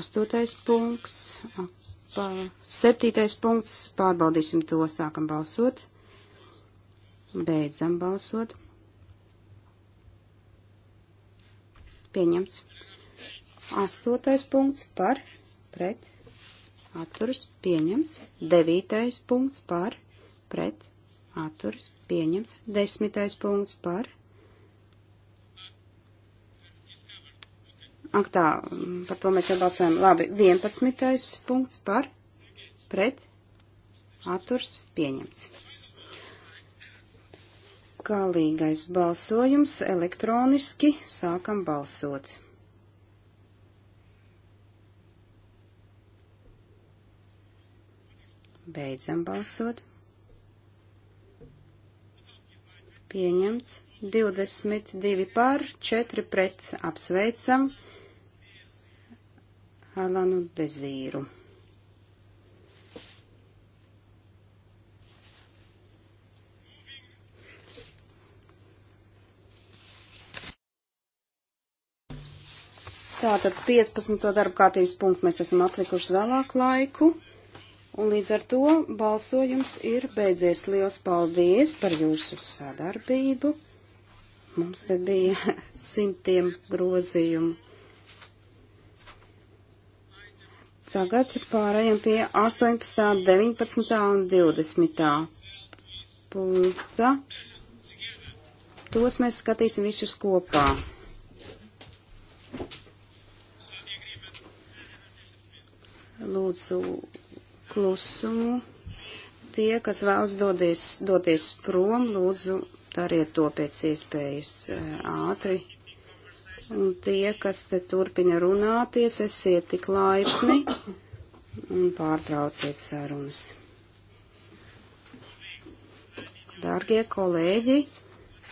Astotais punkts. Pa, septītais punkts. Pārbaudīsim to. Sākam balsot. Beidzam balsot. Pieņemts. Astotais punkts par pret atturas pieņemts. Devītais punkts par pret atturas pieņemts. Desmitais punkts par. Ak tā, par to mēs jau balsojam. Labi, vienpadsmitais punkts par pret atturas pieņemts. Galīgais balsojums elektroniski sākam balsot. Beidzam balsot. Pieņemts. 22 pār, 4 pret. Apsveicam Alanu Dezīru. Tātad 15. darba kārtības punktu mēs esam atlikuši vēlāku laiku. Un līdz ar to balsojums ir beidzies. Liels paldies par jūsu sadarbību. Mums te bija [LAUGHS] simtiem grozījumu. Tagad pārējām pie 18, 19 un 20 punkta. Tos mēs skatīsim visus kopā. Lūdzu, klusumu. Tie, kas vēlas dodies, doties prom, lūdzu, dariet to pēc iespējas eh, ātri. Un tie, kas te turpina runāties, esiet tik laipni un pārtrauciet sarunas. Dārgie kolēģi,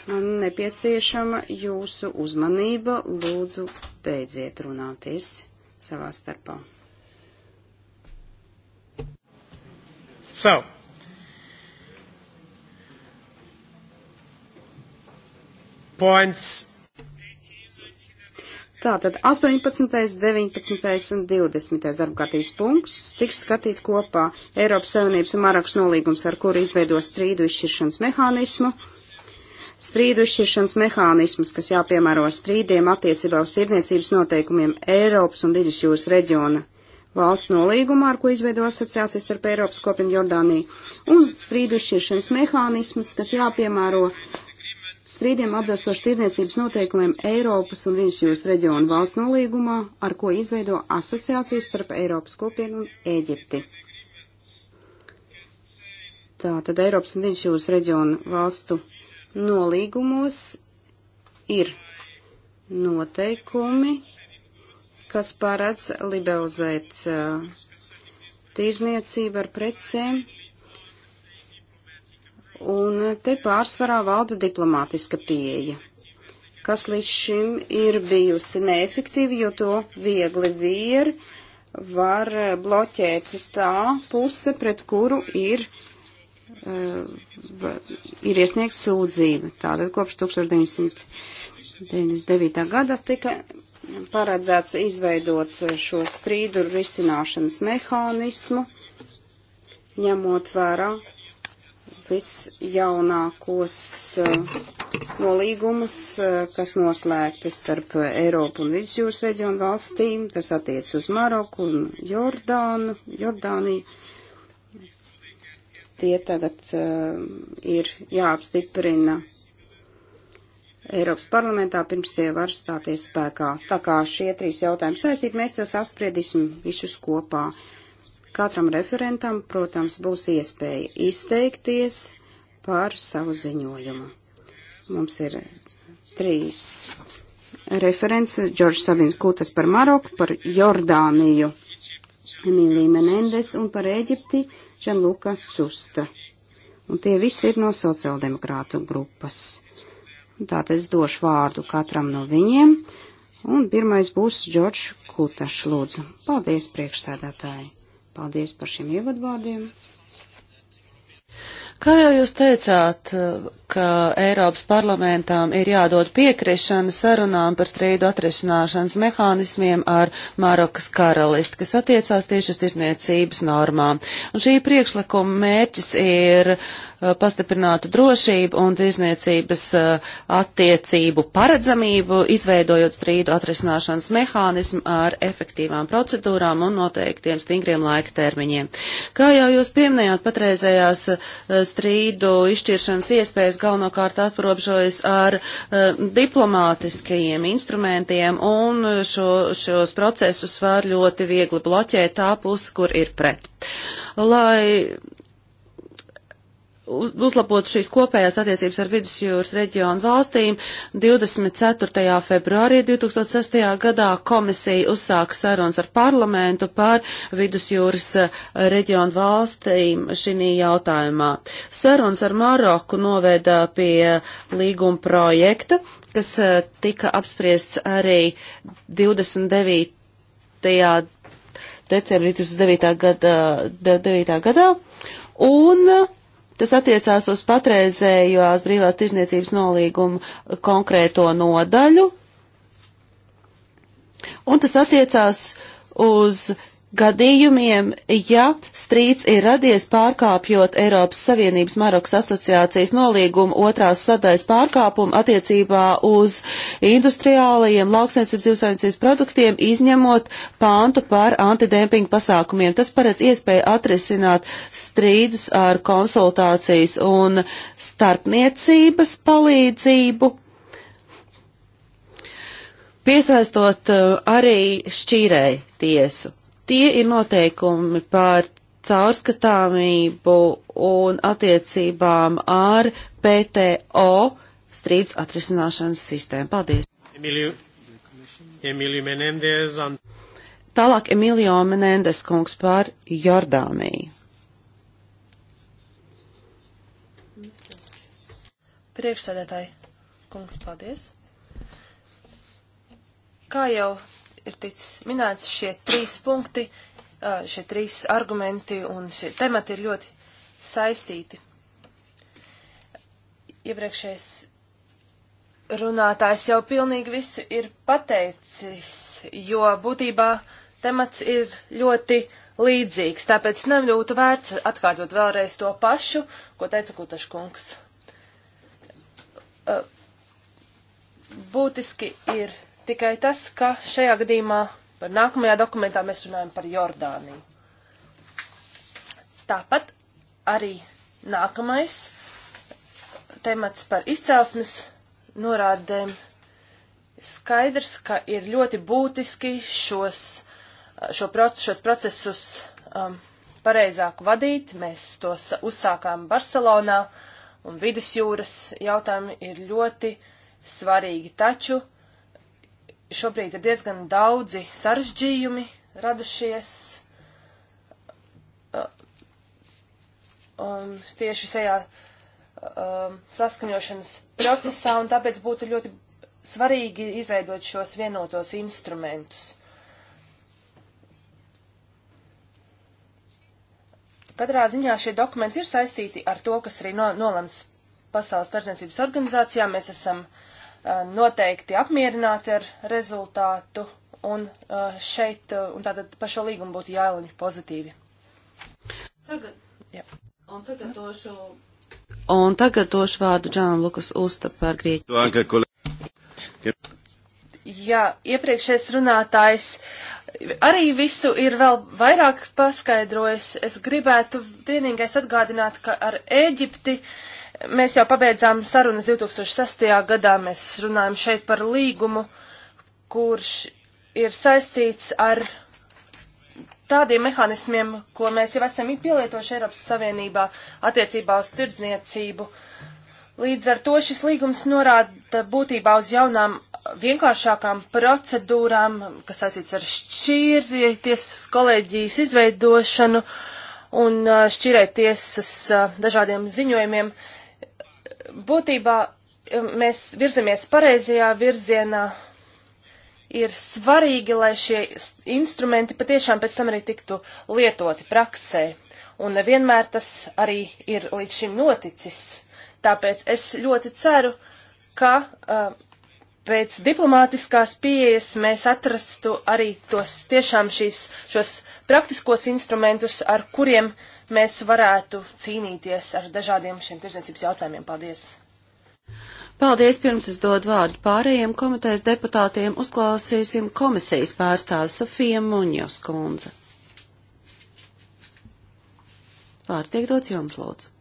man nepieciešama jūsu uzmanība, lūdzu, beidziet runāties savā starpā. So, points. Tātad 18., 19. un 20. darbkārtības punkts tiks skatīt kopā Eiropas Savienības un Marakas nolīgums, ar kuru izveido strīdu izšķiršanas mehānismu. Strīdu izšķiršanas mehānismus, kas jāpiemēro strīdiem attiecībā uz tirdzniecības noteikumiem Eiropas un Vidusjūras reģiona valsts nolīgumā, ar ko izveido asociācijas starp Eiropas kopienu Jordāniju, un strīdu izšķiršanas mehānismus, kas jāpiemēro strīdiem atbilstoši tirdzniecības noteikumiem Eiropas un Viņasjūras reģionu valsts nolīgumā, ar ko izveido asociācijas starp Eiropas kopienu un Ēģipti. Tātad Eiropas un Viņasjūras reģionu valstu nolīgumos ir noteikumi kas paredz liberalizēt uh, tirzniecību ar precēm. Un te pārsvarā valda diplomātiska pieeja, kas līdz šim ir bijusi neefektīva, jo to viegli vieri var bloķēt tā puse, pret kuru ir, uh, ir iesniegts sūdzība. Tātad kopš 1999. gada tika paredzēts izveidot šo strīdu risināšanas mehānismu, ņemot vērā visjaunākos uh, nolīgumus, uh, kas noslēgti starp Eiropu un Vidusjūras reģionu valstīm. Tas attiec uz Maroku un Jordānu, Jordāniju. Tie tagad uh, ir jāapstiprina Eiropas parlamentā pirms tie var stāties spēkā. Tā kā šie trīs jautājumi saistīti, mēs tos apspriedīsim visus kopā. Katram referentam, protams, būs iespēja izteikties par savu ziņojumu. Mums ir trīs referents - Džordžs Savins Kūtas par Maroku, par Jordāniju, Emīlija Menendes un par Ēģipti Žanluka Susta. Un tie visi ir no sociāldemokrātu grupas. Tātad es došu vārdu katram no viņiem, un pirmais būs Džordžs Kutašs, lūdzu. Paldies, priekšsēdētāji! Paldies par šiem ievadvārdiem! Kā jau jūs teicāt, ka Eiropas parlamentām ir jādod piekrišana sarunām par strīdu atrisināšanas mehānismiem ar Marokas karalisti, kas attiecās tieši uz tirniecības normām. Un šī priekšlikuma mērķis ir uh, Eh, pastiprinātu drošību un tirzniecības eh, attiecību paredzamību, izveidojot strīdu atrisināšanas mehānismu ar efektīvām procedūrām un noteiktiem stingriem laika termiņiem. Kā jau jūs pieminējāt, patreizējās eh, strīdu izšķiršanas iespējas galvenokārt atrobežojas ar diplomātiskajiem instrumentiem un šo, šos procesus var ļoti viegli bloķēt tā puse, kur ir pret. Lai uzlabot šīs kopējās attiecības ar vidusjūras reģionu valstīm. 24. februārī 2006. gadā komisija uzsāka sarunas ar parlamentu par vidusjūras eh, reģionu valstīm šī jautājumā. Sarunas ar Maroku noveda pie līguma projekta, kas eh, tika apspriests arī 29. decembrī 2009. gada, 9. gadā. Un Tas attiecās uz patreizējās brīvās tirzniecības nolīgumu konkrēto nodaļu, un tas attiecās uz gadījumiem, ja strīds ir radies pārkāpjot Eiropas Savienības Marokas asociācijas nolīgumu otrās sadaļas pārkāpumu attiecībā uz industriālajiem lauksainicības dzīvesaimniecības produktiem, izņemot pāntu par antidempingu pasākumiem. Tas paredz iespēju atrisināt strīdus ar konsultācijas un starpniecības palīdzību piesaistot uh, arī šķīrēju tiesu. Tie ir noteikumi par caurskatāmību un attiecībām ar PTO strīdus atrisināšanas sistēmu. Paldies! Emiliju, Emiliju Menendez un... Tālāk Emilio Menendez kungs par Jordāniju. Priekšsēdētāji, kungs, paldies. Kā jau ir ticis minēts, šie trīs punkti, šie trīs argumenti un šie temati ir ļoti saistīti. Iepriekšējais runātājs jau pilnīgi visu ir pateicis, jo būtībā temats ir ļoti līdzīgs, tāpēc nebūtu vērts atkārtot vēlreiz to pašu, ko teica Kutaškungs. Būtiski ir tikai tas, ka šajā gadījumā par nākamajā dokumentā mēs runājam par Jordāniju. Tāpat arī nākamais temats par izcelsmes norādēm. Skaidrs, ka ir ļoti būtiski šos, šo proces, šos procesus um, pareizāk vadīt. Mēs tos uzsākām Barcelonā, un vidusjūras jautājumi ir ļoti svarīgi. Taču šobrīd ir diezgan daudzi sarežģījumi radušies uh, um, tieši šajā um, saskaņošanas procesā, un tāpēc būtu ļoti svarīgi izveidot šos vienotos instrumentus. Katrā ziņā šie dokumenti ir saistīti ar to, kas arī no, nolemts Pasaules tirdzniecības organizācijā. Mēs esam uh, noteikti apmierināti ar rezultātu, un šeit, un tātad par šo līgumu būtu jāleņ pozitīvi. Tagad, Jā. un tagad došu. Un tagad došu vārdu Džanam Lukas Usta par Grieķiju. Jā, iepriekšējais runātājs arī visu ir vēl vairāk paskaidrojis. Es gribētu vienīgais atgādināt, ka ar Ēģipti uh, Mēs jau pabeidzām sarunas 2006. gadā, mēs runājam šeit par līgumu, kurš ir saistīts ar tādiem mehānismiem, ko mēs jau esam pielietojuši Eiropas Savienībā attiecībā uz tirdzniecību. Līdz ar to šis līgums norāda būtībā uz jaunām vienkāršākām procedūrām, kas saistīts ar šķīri tiesas kolēģijas izveidošanu un šķirē tiesas dažādiem ziņojumiem. Uh, būtībā um, mēs virzamies pareizajā virzienā. Ir svarīgi, lai šie instrumenti patiešām pēc tam arī tiktu lietoti praksē. Un nevienmēr tas arī ir līdz šim noticis. Tāpēc es ļoti ceru, ka uh, pēc diplomātiskās pieejas mēs atrastu arī tos tiešām šīs, šos praktiskos instrumentus, ar kuriem uh, mēs varētu cīnīties ar dažādiem šiem tirdzniecības jautājumiem. Paldies! Paldies, pirms es dodu vārdu pārējiem komitejas deputātiem, uzklausīsim komisijas pārstāvu Sofiju Muņos kundze. Vārds tiek dots jums, lūdzu.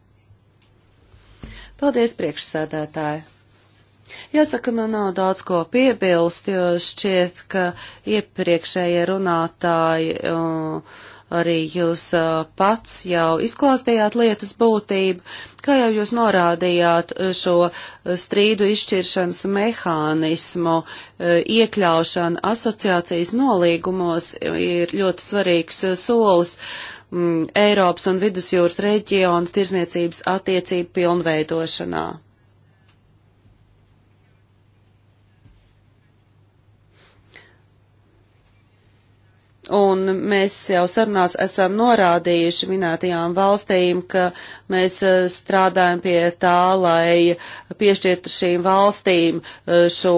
Paldies, priekšsēdētāji. Jāsaka, man nav daudz ko piebilst, jo šķiet, ka iepriekšējie runātāji. Uh, arī jūs pats jau izklāstījāt lietas būtību, kā jau jūs norādījāt šo strīdu izšķiršanas mehānismu, iekļaušana asociācijas nolīgumos ir ļoti svarīgs solis. Mm, Eiropas un Vidusjūras reģiona tirzniecības attiecību pilnveidošanā. Un mēs jau sarunās esam norādījuši minētajām valstīm, ka mēs e, strādājam pie tā, lai piešķirtu šīm valstīm e, šo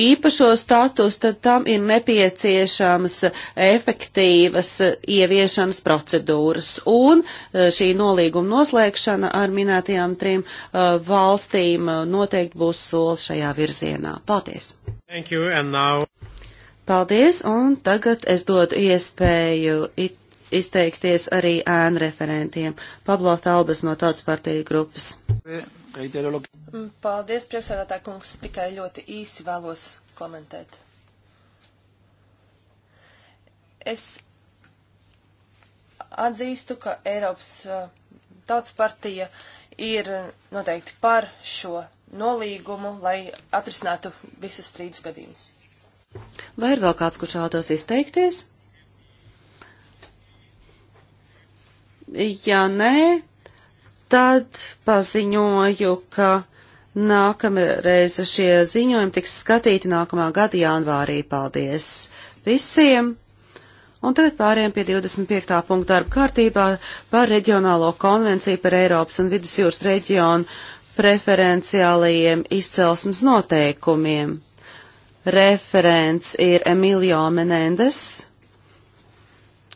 īpašo status, tad tam ir nepieciešamas efektīvas ieviešanas procedūras. Un e, šī nolīguma noslēgšana ar minētajām trim valstīm noteikti būs solis šajā virzienā. Paldies! Thank you, and now... Paldies, un tagad es dodu iespēju it, izteikties arī ēnu referentiem. Pablo Falbas no Tautas partiju grupas. Paldies, priekšsēdētā kungs, tikai ļoti īsi vēlos komentēt. Es atzīstu, ka Eiropas uh, Tautas partija ir noteikti par šo nolīgumu, lai atrisinātu visus strīdus gadījumus. Vai ir vēl kāds, kurš vēlētos izteikties? Ja nē, tad paziņoju, ka nākamreiz šie ziņojumi tiks skatīti nākamā gada janvārī. Paldies visiem! Un tagad pāriem pie 25. punkta darba kārtībā par reģionālo konvenciju par Eiropas un Vidusjūras reģionu preferenciālajiem izcelsmes noteikumiem. Referents ir Emilio Menendes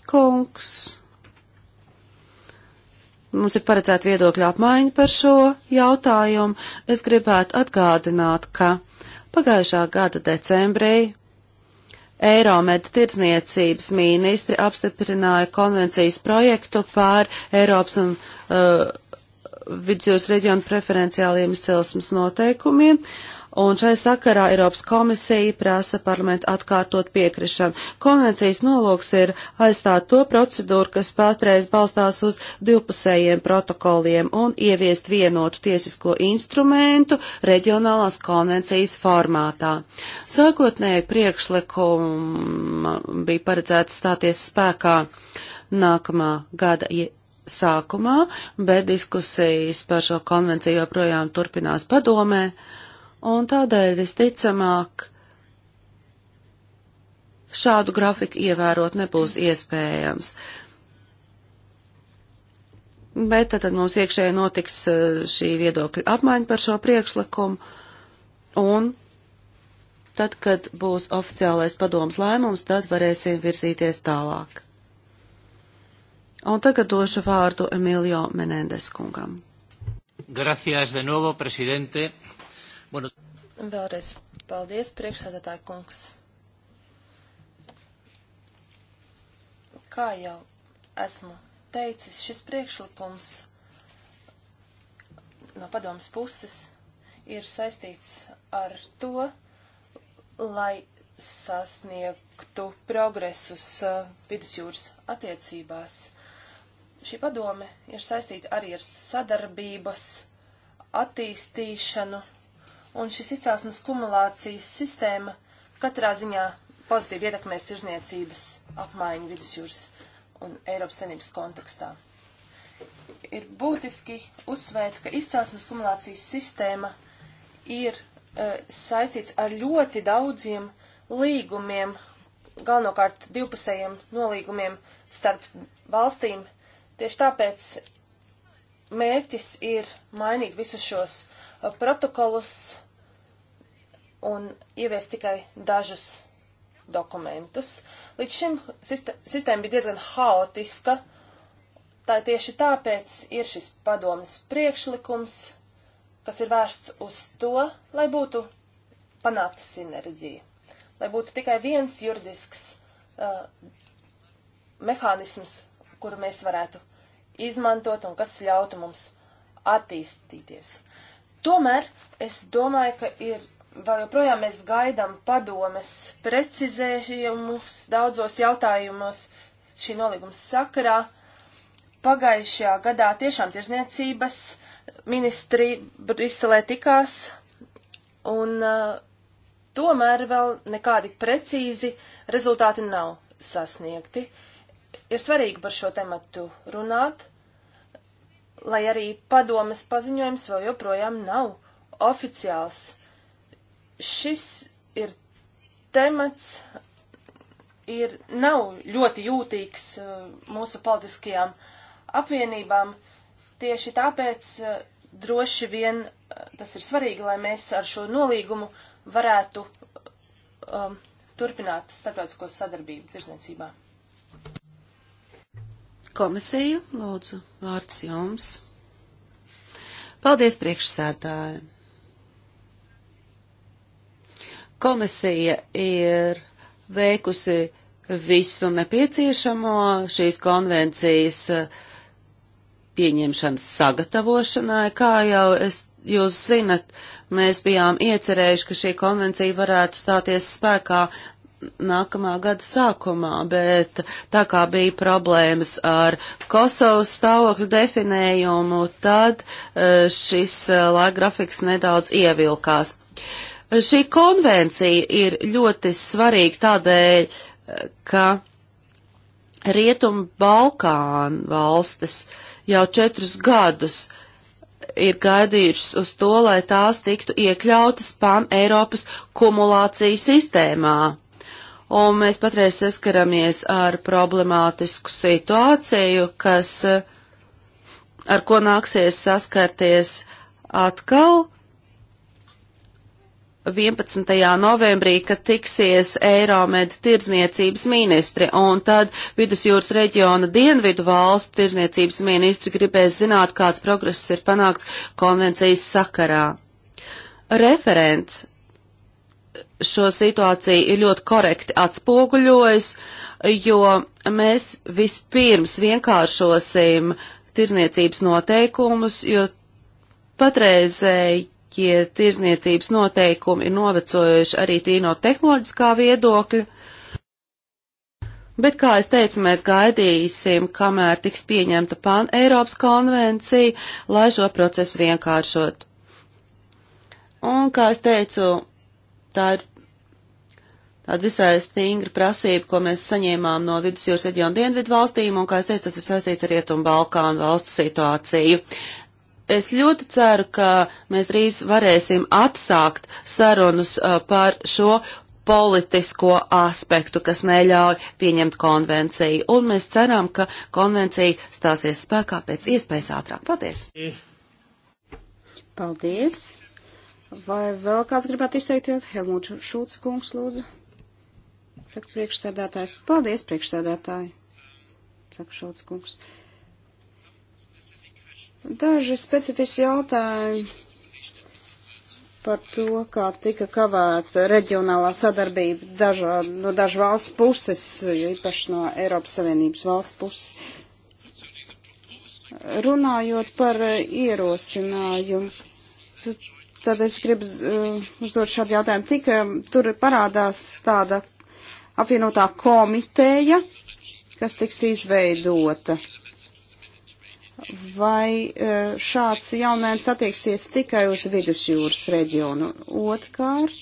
kungs. Mums ir paredzēta viedokļa apmaiņa par šo jautājumu. Es gribētu atgādināt, ka pagājušā gada decembrī Eiromeda tirdzniecības ministri apstiprināja konvencijas projektu par Eiropas un uh, vidusjūras reģionu preferenciāliem izcelsmes noteikumiem. Uh, un šai sakarā Eiropas komisija prasa parlamentu atkārtot piekrišanu. Konvencijas nolūks ir aizstāt to procedūru, kas patreiz balstās uz divpusējiem protokoliem un ieviest vienotu tiesisko instrumentu reģionālās konvencijas formātā. Sākotnēji priekšlikuma bija paredzēts stāties spēkā nākamā gada sākumā, bet diskusijas par šo konvenciju joprojām turpinās padomē. Uh, un tādēļ visticamāk šādu grafiku ievērot nebūs iespējams. Bet tad mums iekšēji notiks eh, šī viedokļa apmaiņa par šo priekšlikumu, un tad, kad būs oficiālais padoms lēmums, tad varēsim virzīties tālāk. Un tagad došu vārdu Emilio Menendez kungam. Gracias de nuevo, presidente. Bueno. Vēlreiz paldies, priekšsēdētāji kungs. Kā jau esmu teicis, šis priekšlikums no padomas puses ir saistīts ar to, lai sasniegtu progresus uh, vidusjūras attiecībās. Šī padome ir saistīta arī ar sadarbības attīstīšanu un šis izcelsmes kumulācijas sistēma katrā ziņā pozitīvi ietekmēs tirzniecības apmaiņu vidusjūras un Eiropas Savienības kontekstā. Ir būtiski uzsvērt, ka izcelsmes kumulācijas sistēma ir e, saistīts ar ļoti daudziem līgumiem, galvenokārt divpusējiem nolīgumiem starp valstīm. Tieši tāpēc mērķis ir mainīt visus šos e, protokolus, un ievies tikai dažus dokumentus. Līdz šim sistēma bija diezgan haotiska. Tā tieši tāpēc ir šis padomas priekšlikums, kas ir vērsts uz to, lai būtu panākta sinerģija, lai būtu tikai viens juridisks uh, mehānisms, kuru mēs varētu izmantot un kas ļautu mums attīstīties. Tomēr es domāju, ka ir Vēl joprojām mēs gaidām padomes precizējumus daudzos jautājumos šī nolīguma sakarā. Pagājušajā gadā tiešām tirzniecības ministri Briselē tikās, un uh, tomēr vēl nekādi precīzi rezultāti nav sasniegti. Ir svarīgi par šo tematu runāt, lai arī padomes paziņojums vēl joprojām nav oficiāls šis ir temats, ir, nav ļoti jūtīgs uh, mūsu politiskajām apvienībām. Tieši tāpēc uh, droši vien uh, tas ir svarīgi, lai mēs ar šo nolīgumu varētu um, turpināt starptautisko sadarbību tirzniecībā. Komisiju, lūdzu, vārds jums. Paldies priekšsētājiem. Komisija ir veikusi visu nepieciešamo šīs konvencijas eh, pieņemšanas sagatavošanai, kā jau es jūs zinat, mēs bijām iecerējuši, ka šī konvencija varētu stāties spēkā nākamā gada sākumā, bet tā kā bija problēmas ar Kosovas stāvokļu definējumu, tad eh, šis eh, laikgrafiks nedaudz ievilkās. Uh, Šī konvencija ir ļoti svarīga tādēļ, ka Rietumu Balkānu valstis jau četrus gadus ir gaidījušas uz to, lai tās tiktu iekļautas PAM Eiropas kumulāciju sistēmā. Un mēs patreiz saskaramies ar problemātisku situāciju, kas, ar ko nāksies saskarties atkal, 11. novembrī, kad tiksies Eiromeda tirzniecības ministri, un tad vidusjūras reģiona dienvidu valstu tirzniecības ministri gribēs zināt, kāds progress ir panākts konvencijas sakarā. Referents šo situāciju ir ļoti korekti atspoguļojis, jo mēs vispirms vienkāršosim tirzniecības noteikumus, jo patreizēji labākie tirzniecības noteikumi ir novecojuši arī tīri no tehnoloģiskā viedokļa. Bet, kā es teicu, mēs gaidīsim, kamēr tiks pieņemta Pan-Eiropas konvencija, lai šo procesu vienkāršot. Un, kā es teicu, tā ir tāda visai stingra prasība, ko mēs saņēmām no vidusjūras reģiona dienvidu valstīm, un, kā es teicu, tas ir saistīts ar Rietumu Balkānu valstu situāciju. Es ļoti ceru, ka mēs drīz varēsim atsākt sarunas par šo politisko aspektu, kas neļauj pieņemt konvenciju. Un mēs ceram, ka konvencija stāsies spēkā pēc iespējas ātrāk. Paldies! Paldies! Vai vēl kāds gribētu izteikties? Helmut Šulc kungs, lūdzu. Saka priekšsēdētājs. Paldies, priekšsēdētāji. Saka Šulc kungs. Uh, Daži specifiski jautājumi par to, kā tika kavēta reģionālā sadarbība dažā, no dažu valstu puses, jo īpaši no Eiropas Savienības valsts puses. Runājot par eh, ierosinājumu, tad es gribu uh, uzdot šādu jautājumu. Tika, tur parādās tāda apvienotā komiteja, kas tiks izveidota Vai e, šāds jaunājums attieksies tikai uz vidusjūras reģionu? Otkārt,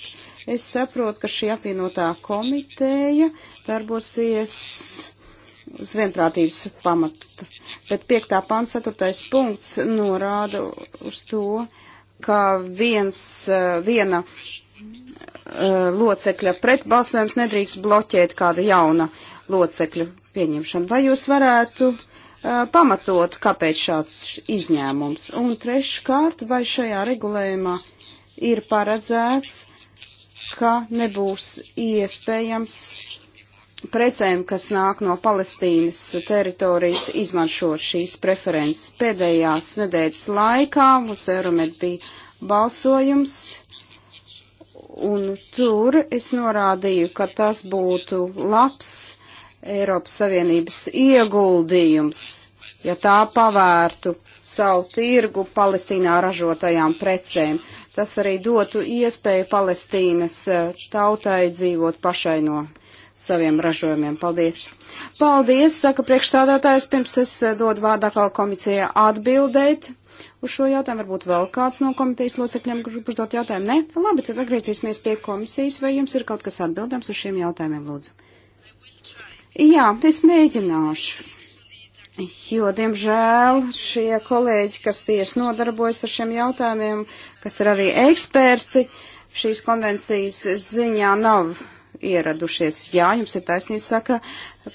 es saprotu, ka šī apvienotā komiteja darbosies uz vienprātības pamata, bet 5. pāns 4. punkts norāda uz to, ka viens, e, viena e, locekļa pretbalsojums nedrīkst bloķēt kāda jauna locekļa pieņemšanu. Vai jūs varētu Uh, pamatot, kāpēc šāds izņēmums. Un treškārt, vai šajā regulējumā ir paredzēts, ka nebūs iespējams precēm, kas nāk no Palestīnas teritorijas, izmantot šīs preferences. Pēdējās nedēļas laikā mums Euromed bija balsojums, un tur es norādīju, ka tas būtu labs Eiropas Savienības ieguldījums, ja tā pavērtu savu tirgu Palestīnā ražotajām precēm. Tas arī dotu iespēju Palestīnas eh, tautai dzīvot pašai no saviem ražojumiem. Paldies! Paldies, saka priekšstādātājs, pirms es eh, dodu vārdu atkal komisijai atbildēt. Uz šo jautājumu varbūt vēl kāds no komitejas locekļiem grib uzdot jautājumu. Nē, labi, tad atgriezīsimies pie komisijas. Vai jums ir kaut kas atbildams uz šiem jautājumiem, lūdzu? Jā, es mēģināšu. Jo, diemžēl, šie kolēģi, kas tieši nodarbojas ar šiem jautājumiem, kas ir arī eksperti, šīs konvencijas ziņā nav ieradušies. Jā, jums ir taisnība, saka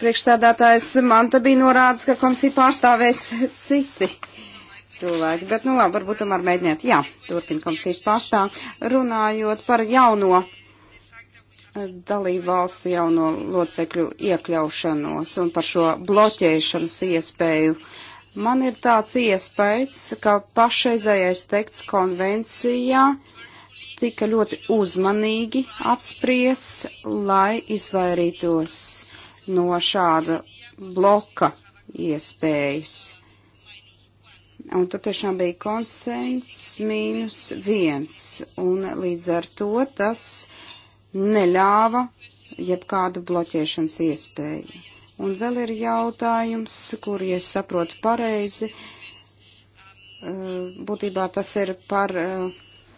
priekšsēdātājs. Man te bija norādes, ka komisija pārstāvēs citi cilvēki, bet, nu labi, varbūt tomēr mēģiniet. Jā, turpina komisijas pārstāv, runājot par jauno dalību valstu jauno locekļu iekļaušanos un par šo bloķēšanas iespēju. Man ir tāds iespējas, ka pašreizējais teksts konvencijā tika ļoti uzmanīgi apspries, lai izvairītos no šāda bloka iespējas. Un tur tiešām bija konsens mīnus viens, un līdz ar to tas uh, neļāva jebkādu bloķēšanas iespēju. Un vēl ir jautājums, kur, ja es saprotu pareizi, eh, būtībā tas ir par eh,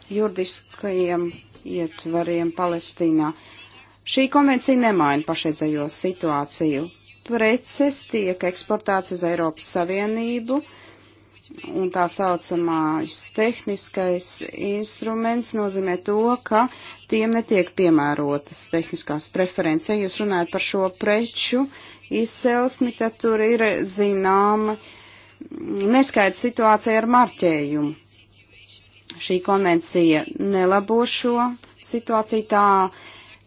juridiskajiem ietvariem Palestīnā. Šī konvencija nemaina pašreizējo situāciju. Preces tiek eksportēts uz Eiropas Savienību, uh, un tā saucamais tehniskais instruments nozīmē to, ka tiem netiek piemērotas tehniskās preferences. Ja jūs runājat par šo preču izcelsmi, tad tur ir zināma neskaidra situācija ar marķējumu. Šī konvencija nelabo šo situāciju tā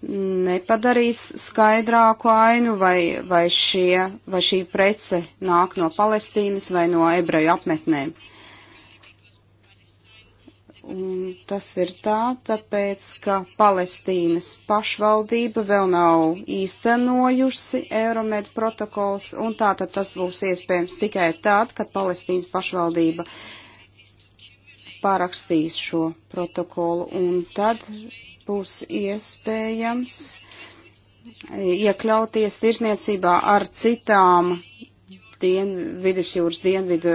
nepadarīs skaidrāku ainu, vai, vai, šie, vai šī prece nāk no Palestīnas vai no ebreju apmetnēm. Un tas ir tā, tāpēc, ka Palestīnas pašvaldība vēl nav īstenojusi Euromed protokols, un tā tad tas būs iespējams tikai tad, kad Palestīnas pašvaldība parakstīs šo protokolu, un tad būs iespējams iekļauties tirzniecībā ar citām dien, vidusjūras dienvidu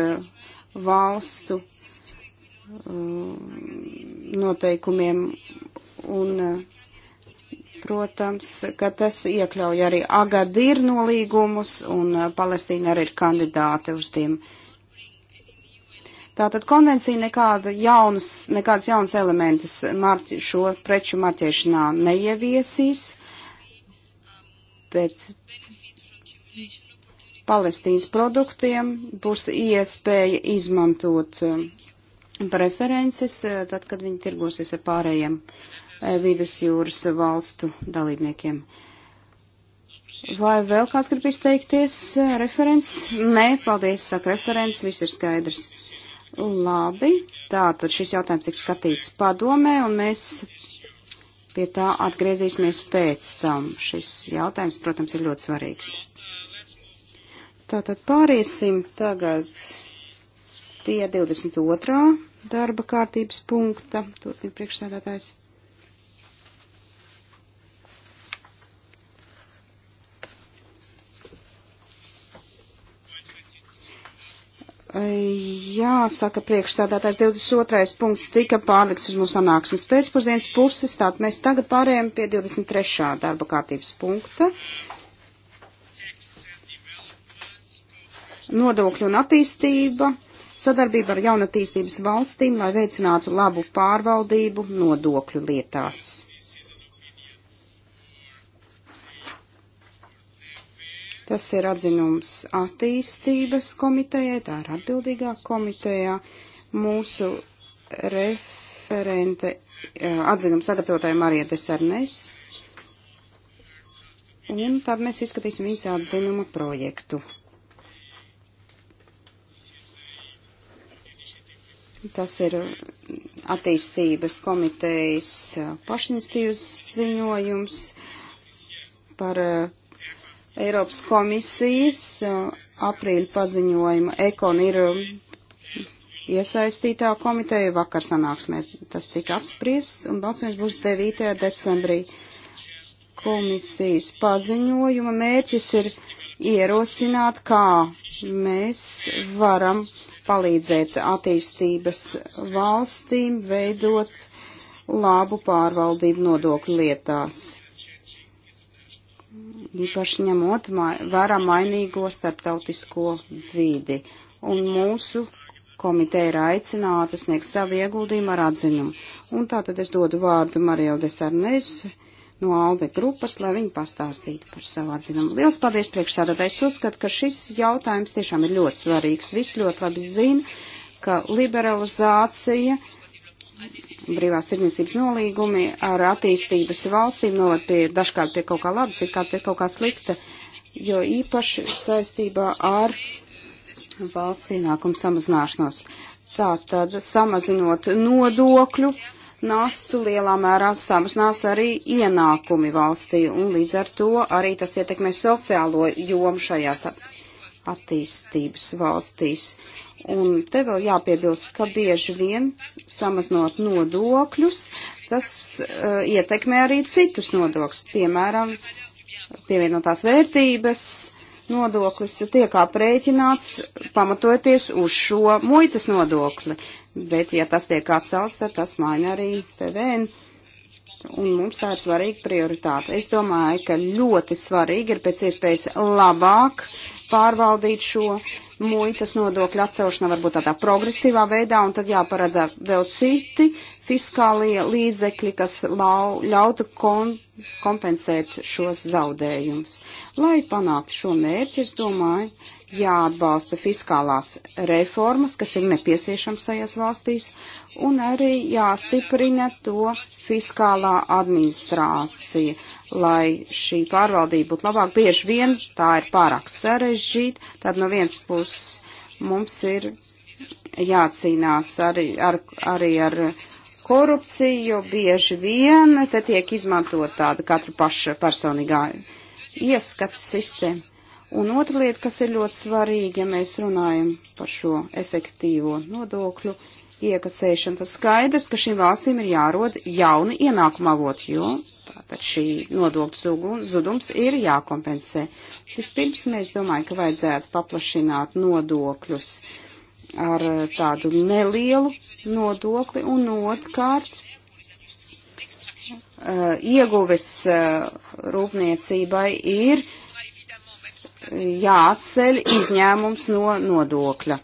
valstu uh, noteikumiem un, uh, protams, ka tas iekļauj arī Agadir nolīgumus un uh, Palestīna arī ir kandidāte uz tiem. Uh, Tātad konvencija nekāda jaunas, nekādas jaunas elementus marķi, šo preču marķēšanā neieviesīs, bet Palestīnas produktiem būs iespēja izmantot um, preferences, uh, tad, kad viņi tirgosies ar pārējiem uh, vidusjūras valstu dalībniekiem. Vai vēl kāds grib izteikties? Uh, referents? Nē, paldies, saka referents, viss ir skaidrs. Labi, tātad šis jautājums tiks skatīts padomē, un mēs pie tā atgriezīsimies pēc tam. Šis jautājums, protams, ir ļoti svarīgs. Tātad pāriesim tagad pie 22. darba kārtības punkta. Turpin priekšsēdētājs. Jāsaka, priekšstādātais 22. punkts tika pārlikts uz mūsu sanāksmes pēcpusdienas puses, tātad mēs tagad pārējām pie 23. darba kārtības punkta. Nodokļu un attīstība, sadarbība ar jaunatīstības valstīm, lai veicinātu labu pārvaldību nodokļu lietās. Tas ir atzinums attīstības komitejai, tā ir atbildīgā komitejā. Mūsu referente eh, atzinuma sagatavotāja Marija Desarnes. Un tad mēs izskatīsim viņas atzinuma projektu. Tas ir attīstības komitejas eh, pašinstīvs ziņojums par eh, Eiropas komisijas aprīļa paziņojuma ekon ir iesaistītā komiteja vakar sanāksmē. Tas tika apspriests un balsojums būs 9. decembrī. Komisijas paziņojuma mērķis ir ierosināt, kā mēs varam palīdzēt attīstības valstīm veidot labu pārvaldību nodokļu lietās īpaši ņemot vērā mainīgo starptautisko vidi. Un mūsu komiteja ir aicināta sniegt savu ieguldījumu ar atzinumu. Un tā tad es dodu vārdu Marielde Sarnes no Alde grupas, lai viņi pastāstītu par savu atzinumu. Liels paldies priekšsādātājs uzskat, ka šis jautājums tiešām ir ļoti svarīgs. Viss ļoti labi zina, ka liberalizācija brīvās tirdzniecības nolīgumi ar attīstības valstīm noved pie dažkārt pie kaut kā laba, citkārt pie kaut kā slikta, jo īpaši saistībā ar valsts ienākumu samazināšanos. Tātad samazinot nodokļu nastu lielā mērā samazinās arī ienākumi valstī, un līdz ar to arī tas ietekmē sociālo jomu šajās attīstības valstīs. Un te vēl jāpiebilst, ka bieži vien samaznot nodokļus, tas uh, ietekmē arī citus nodokļus. Piemēram, pievienotās vērtības nodoklis tiek aprēķināts pamatoties uz šo muitas nodokli. Bet, ja tas tiek atcelts, tad tas maina arī PVN. Un mums tā ir svarīga prioritāte. Es domāju, ka ļoti svarīgi ir pēc iespējas labāk uh, pārvaldīt šo muitas nodokļu atcelšanu varbūt tādā progresīvā veidā, un tad jāparedz vēl citi fiskālie līdzekļi, kas lau, ļautu kon, kompensēt šos zaudējumus. Lai panāktu šo mērķi, es domāju, jāatbalsta fiskālās reformas, kas ir nepieciešams tajās valstīs, un arī jāstiprina to fiskālā administrācija, lai šī pārvaldība būtu labāk. Bieži vien tā ir pārāk sarežģīta, tad no vienas puses mums ir jācīnās arī ar, arī ar korupciju, jo bieži vien te tiek izmantot tāda katra paša personīgā ieskata sistēma Un otra lieta, kas ir ļoti svarīga, ja mēs runājam par šo efektīvo nodokļu iekasēšanu, tas skaidrs, ka šīm valstīm ir jārod jauni ienākuma avoti, jo tātad šī nodokļu zudums ir jākompensē. Vispirms mēs domājam, ka vajadzētu paplašināt nodokļus ar tādu nelielu nodokli un otrkārt uh, ieguves uh, rūpniecībai ir jāatceļ izņēmums no nodokļa.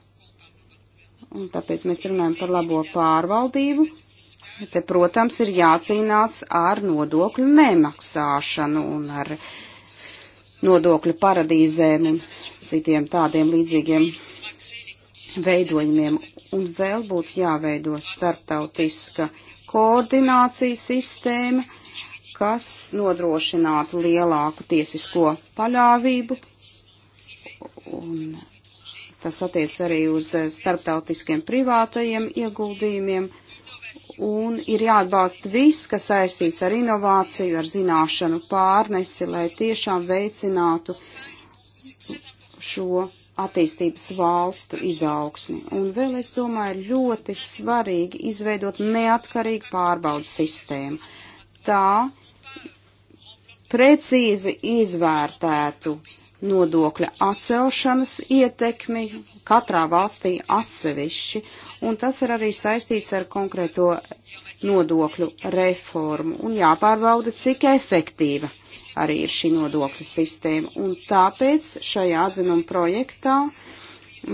Un tāpēc mēs runājam par labo pārvaldību. Te, protams, ir jācīnās ar nodokļu nemaksāšanu un ar nodokļu paradīzēm un citiem tādiem līdzīgiem veidojumiem. Un vēl būtu jāveido starptautiska koordinācijas sistēma, kas nodrošinātu lielāku tiesisko paļāvību Un tas attiec arī uz eh, starptautiskiem privātajiem ieguldījumiem. Un ir jāatbalsta viss, kas saistīts ar inovāciju, ar zināšanu pārnesi, lai tiešām veicinātu šo attīstības valstu izaugsmi. Un vēl es domāju, ļoti svarīgi izveidot neatkarīgu pārbaudas sistēmu. Tā precīzi izvērtētu uh, nodokļa atcelšanas ietekmi katrā valstī atsevišķi, un tas ir arī saistīts ar konkrēto nodokļu reformu, un jāpārbauda, cik efektīva arī ir šī nodokļu sistēma, un tāpēc šajā atzinuma projektā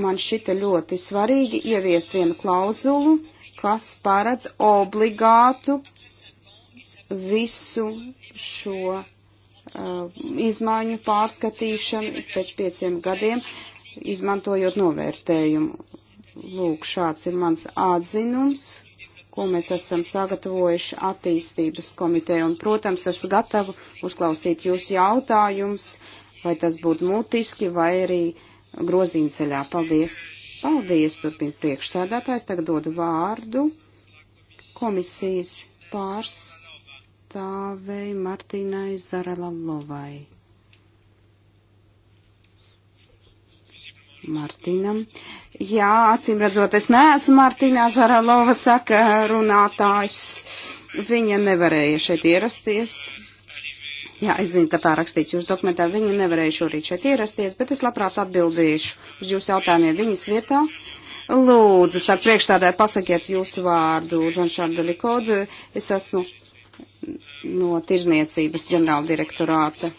man šita ļoti svarīgi ieviest vienu klauzulu, kas paredz obligātu visu šo Uh, izmaiņu pārskatīšanu pēc pieciem gadiem, izmantojot novērtējumu. Lūk, šāds ir mans atzinums, ko mēs esam sagatavojuši attīstības komiteja. Un, protams, esmu gatavu uzklausīt jūsu jautājumus, vai tas būtu mutiski, vai arī grozīnceļā. Paldies! Paldies, turpin priekšstādātājs. Tagad dodu vārdu komisijas pārstāvjiem pārstāvei Martīnai Zarelalovai. Martinam. Jā, acīm redzot, es neesmu Martīnā Zarelova, saka runātājs. Viņa nevarēja šeit ierasties. Jā, es zinu, ka tā rakstīts jūsu dokumentā. Viņa nevarēja šorīt šeit ierasties, bet es labprāt atbildīšu uz jūsu jautājumiem viņas vietā. Lūdzu, sāk priekšstādē pasakiet jūsu vārdu, Žanšārda Likod. Es esmu no Tirzniecības ģenerāldirektorāta.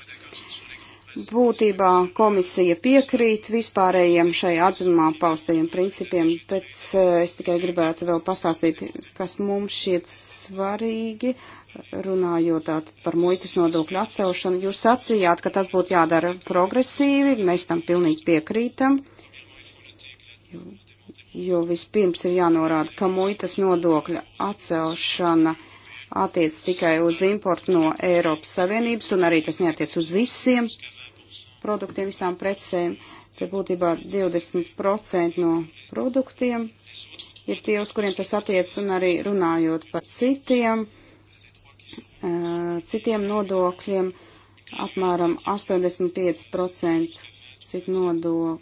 Būtībā komisija piekrīt vispārējiem šai atzinumā paustajiem principiem, bet eh, es tikai gribētu vēl pastāstīt, kas mums šķiet svarīgi, runājot par muitas nodokļu atcelšanu. Jūs sacījāt, ka tas būtu jādara progresīvi, mēs tam pilnīgi piekrītam jo vispirms ir jānorāda, ka muitas nodokļa atcelšana attiec tikai uz importu no Eiropas Savienības un arī tas neatiec uz visiem produktiem, visām precēm. Te būtībā 20% no produktiem ir tie, uz kuriem tas attiec un arī runājot par citiem, citiem nodokļiem, apmēram 85% citu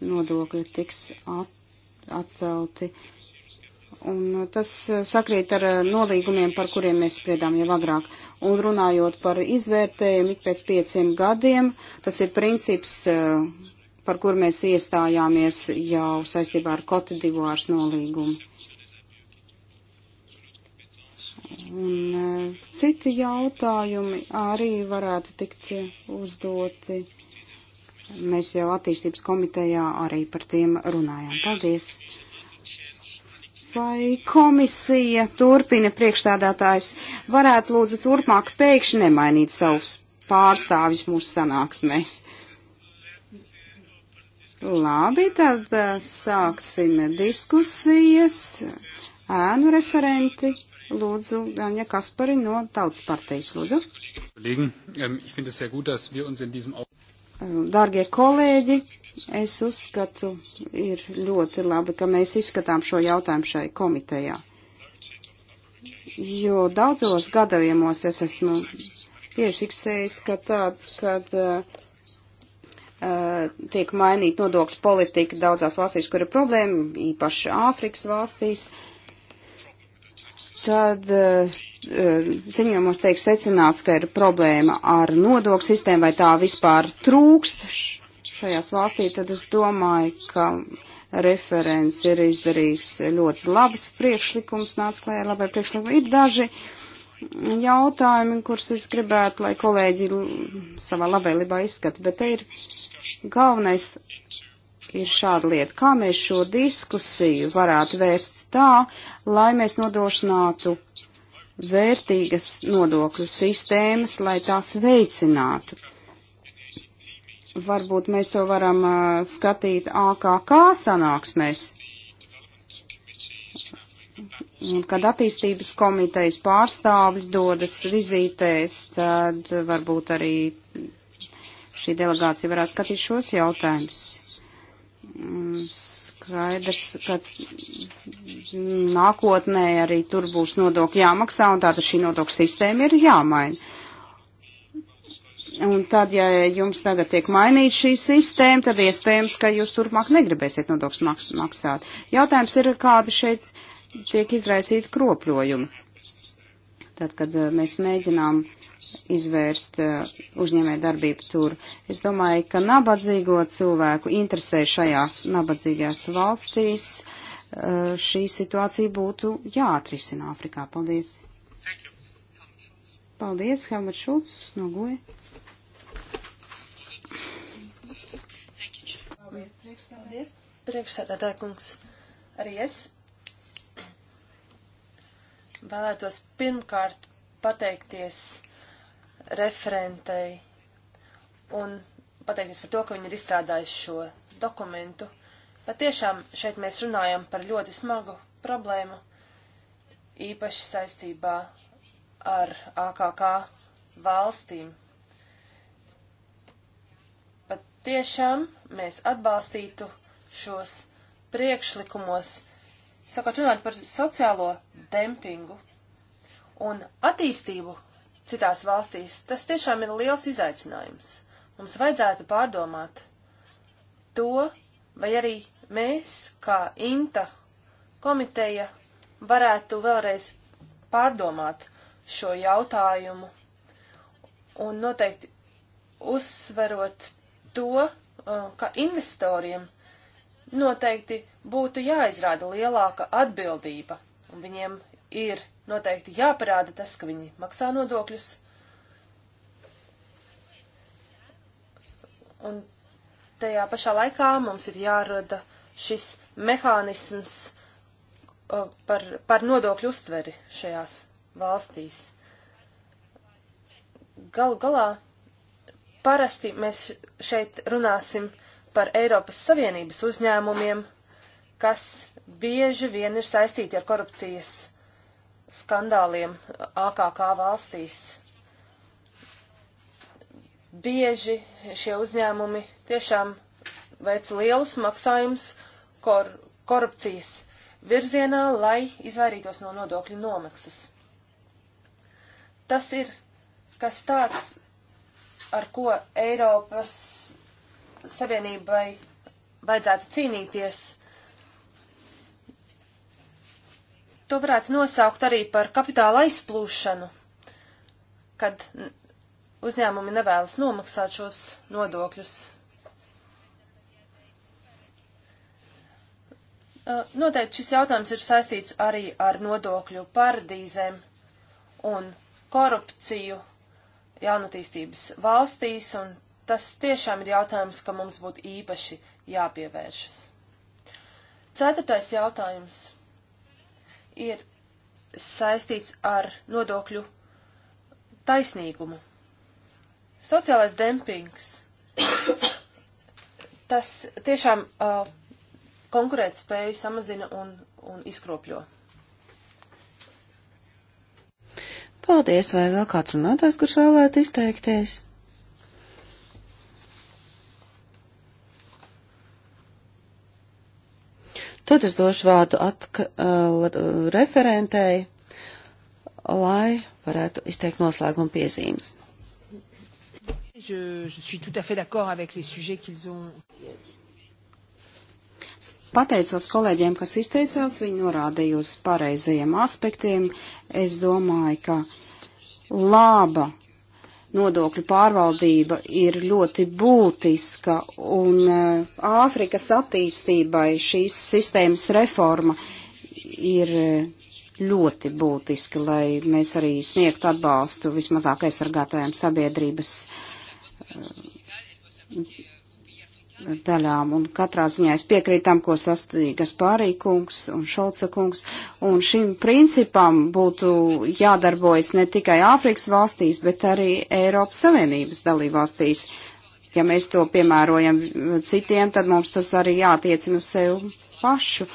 nodokļu tiks atcelti Un uh, tas uh, sakrīt ar uh, nolīgumiem, par kuriem mēs spriedām jau agrāk. Un runājot par izvērtējumu ik pēc pieciem gadiem, tas ir princips, par kur mēs iestājāmies jau saistībā ar Kotadivārs nolīgumu. Un citi jautājumi arī varētu tikt uzdoti. Mēs jau attīstības komitejā arī par tiem runājām. Paldies! Vai komisija turpina priekšstādātājs varētu lūdzu turpmāk pēkšņi nemainīt savus pārstāvjus mūsu sanāksmēs? Labi, tad eh, sāksim diskusijas. Ēnu referenti, lūdzu, Ganja Kaspari no Tautas partijas, lūdzu. Um, Dārgie kolēģi, Es uzskatu, ir ļoti labi, ka mēs izskatām šo jautājumu šai komitejā. Jo daudzos gadījumos es esmu piefiksējis, ka tad, kad uh, tiek mainīta nodokļu politika daudzās valstīs, kur ir problēma, īpaši Āfrikas valstīs, tad uh, ziņojumos tiek secināts, ka ir problēma ar nodokļu sistēmu vai tā vispār trūkst šajās valstī, tad es domāju, ka referents ir izdarījis ļoti labs priekšlikums, nāc klājā labai priekšlikumu. Ir daži jautājumi, kurus es gribētu, lai kolēģi savā labai libā izskata, bet te ir galvenais ir šāda lieta. Kā mēs šo diskusiju varētu vērst tā, lai mēs nodrošinātu vērtīgas nodokļu sistēmas, lai tās veicinātu varbūt mēs to varam uh, skatīt AKK sanāksmēs. Un, kad attīstības komitejas pārstāvļi dodas vizītēs, tad varbūt arī šī delegācija varētu skatīt šos jautājumus. Mm, skaidrs, ka nākotnē arī tur būs nodokļi jāmaksā, un tātad šī nodokļu sistēma ir jāmaina. Un tad, ja jums tagad tiek mainīta šī sistēma, tad iespējams, ka jūs turpmāk negribēsiet nodokļus maks maksāt. Jautājums ir, kādi šeit tiek izraisīti kropļojumi. Tad, kad eh, mēs mēģinām izvērst eh, uzņēmē darbību tur, es domāju, ka nabadzīgo cilvēku interesē šajās nabadzīgajās valstīs eh, šī situācija būtu jāatrisina Āfrikā. Paldies! Paldies, Helmut Šulcs no Goja! Paldies. Priekšsēdētāja kungs, arī es vēlētos pirmkārt pateikties referentei un pateikties par to, ka viņi ir izstrādājuši šo dokumentu. Patiešām šeit mēs runājam par ļoti smagu problēmu, īpaši saistībā ar AKK valstīm tiešām mēs atbalstītu šos priekšlikumos, sakot runāt par sociālo dempingu un attīstību citās valstīs, tas tiešām ir liels izaicinājums. Mums vajadzētu pārdomāt to, vai arī mēs, kā INTA komiteja, varētu vēlreiz pārdomāt šo jautājumu un noteikti uzsverot to, uh, ka investoriem noteikti būtu jāizrāda lielāka atbildība, un viņiem ir noteikti jāparāda tas, ka viņi maksā nodokļus. Un tajā pašā laikā mums ir jārada šis mehānisms uh, par, par nodokļu uztveri šajās valstīs. Galu galā Parasti mēs šeit runāsim par Eiropas Savienības uzņēmumiem, kas bieži vien ir saistīti ar korupcijas skandāliem AKK valstīs. Bieži šie uzņēmumi tiešām veic lielus maksājumus kor korupcijas virzienā, lai izvairītos no nodokļu nomaksas. Tas ir kas tāds, ar ko Eiropas Savienībai vajadzētu cīnīties. To varētu nosaukt arī par kapitāla aizplūšanu, kad uzņēmumi nevēlas nomaksāt šos nodokļus. Noteikti šis jautājums ir saistīts arī ar nodokļu paradīzēm un korupciju jaunatīstības valstīs, un tas tiešām ir jautājums, ka mums būtu īpaši jāpievēršas. Ceturtais jautājums ir saistīts ar nodokļu taisnīgumu. Sociālais dempings. Tas tiešām uh, konkurētspēju samazina un, un izkropļo. Paldies, vai vēl kāds runātājs, kurš vēlētu izteikties? Tad es došu vārdu atka, uh, referentēji, lai varētu izteikt noslēguma piezīmes. Je, je suis tout à fait d'accord avec les sujets qu'ils ont Pateicos kolēģiem, kas izteicās, viņi norādīja uz pareizajiem aspektiem. Es domāju, ka laba nodokļu pārvaldība ir ļoti būtiska, un eh, Āfrikas attīstībai šīs sistēmas reforma ir eh, ļoti būtiski, lai mēs arī sniegtu atbalstu vismazāk aizsargātajām sabiedrības eh, daļām, un katrā ziņā es piekrītu tam, ko sastīja Gaspārī kungs un Šolca kungs, un šim principam būtu jādarbojas ne tikai Āfrikas valstīs, bet arī Eiropas Savienības dalībvalstīs. Ja mēs to piemērojam citiem, tad mums tas arī jātiecina uz sevi pašu.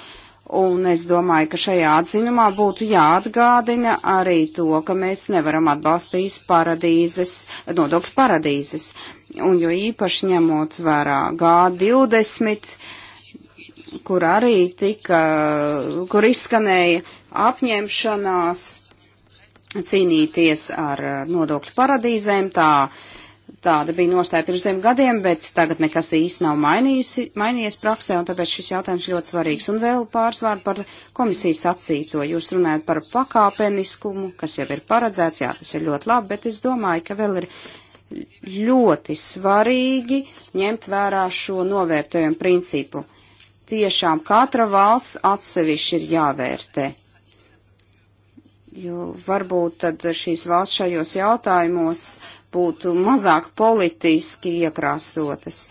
Un es domāju, ka šajā atzinumā būtu jāatgādina arī to, ka mēs nevaram atbalstīt paradīzes, nodokļu paradīzes un jo īpaši ņemot vērā G20, kur arī tika, kur izskanēja apņemšanās cīnīties ar nodokļu paradīzēm, tā tāda bija nostāja pirms diviem gadiem, bet tagad nekas īsti nav mainījusi, mainījies praksē, un tāpēc šis jautājums ļoti svarīgs. Un vēl pāris vārdi par komisijas sacīto. Jūs runājat par pakāpeniskumu, kas jau ir paredzēts, jā, tas ir ļoti labi, bet es domāju, ka vēl ir ļoti svarīgi ņemt vērā šo novērtējumu principu. Tiešām katra valsts atsevišķi ir jāvērtē. Jo varbūt tad šīs valsts šajos jautājumos būtu mazāk politiski iekrāsotas.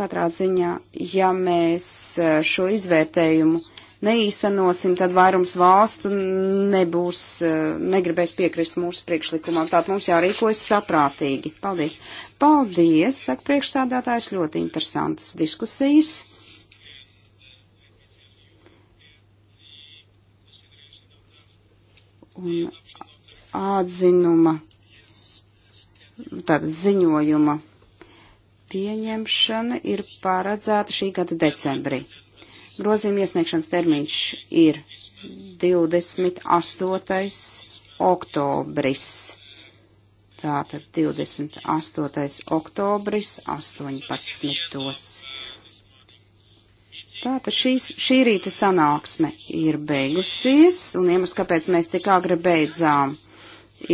Katrā ziņā, ja mēs eh, šo izvērtējumu neīsenosim, tad vairums valstu nebūs, eh, negribēs piekrist mūsu priekšlikumam. Tātad mums jārīkojas saprātīgi. Paldies. Paldies, saka priekšsādātājs, ļoti interesantas diskusijas. Un atzinuma, tad ziņojuma pieņemšana ir paredzēta šī gada decembrī. Grozījuma iesniegšanas termiņš ir 28. oktobris. Tātad 28. oktobris 18. Tātad šīs, šī rīta sanāksme ir beigusies, un iemesls, kāpēc mēs tik agri beidzām,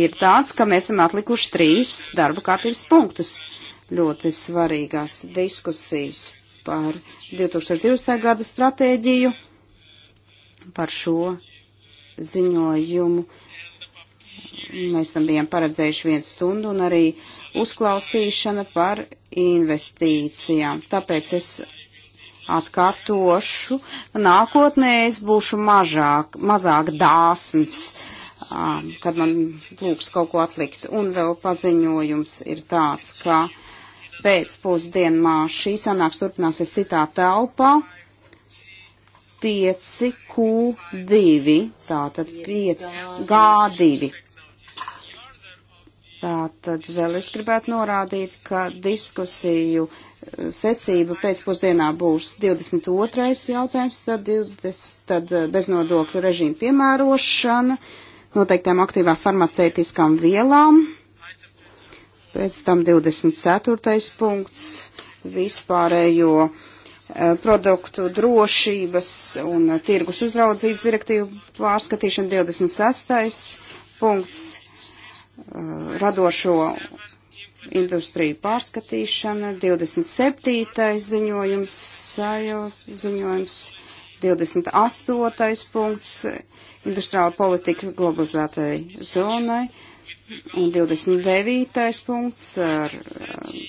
ir tāds, ka mēs esam atlikuši trīs darba kārtības punktus ļoti svarīgās diskusijas par 2020. gada stratēģiju, par šo ziņojumu. Mēs tam bijām paredzējuši vienu stundu un arī uzklausīšana par investīcijām. Tāpēc es atkārtošu, nākotnē es būšu mažāk, mazāk dāsns, um, kad man lūgs kaut ko atlikt. Un vēl paziņojums ir tāds, ka pēcpusdienā šī sanāks turpināsies citā telpā 5Q2, tātad 5G2. Tātad vēl es gribētu norādīt, ka diskusiju eh, secība pēcpusdienā būs 22. jautājums, tad, 20, tad eh, beznodokļu režīmu piemērošana noteiktām aktīvām farmaceitiskām vielām. Pēc tam 24. punkts vispārējo e, produktu drošības un tirgus uzraudzības direktīvu pārskatīšana 26. punkts e, radošo industriju pārskatīšana, 27. ziņojums, sajūs, ziņojums, 28. punkts, industriāla politika globalizētai zonai, Un 29. punkts ar. Um,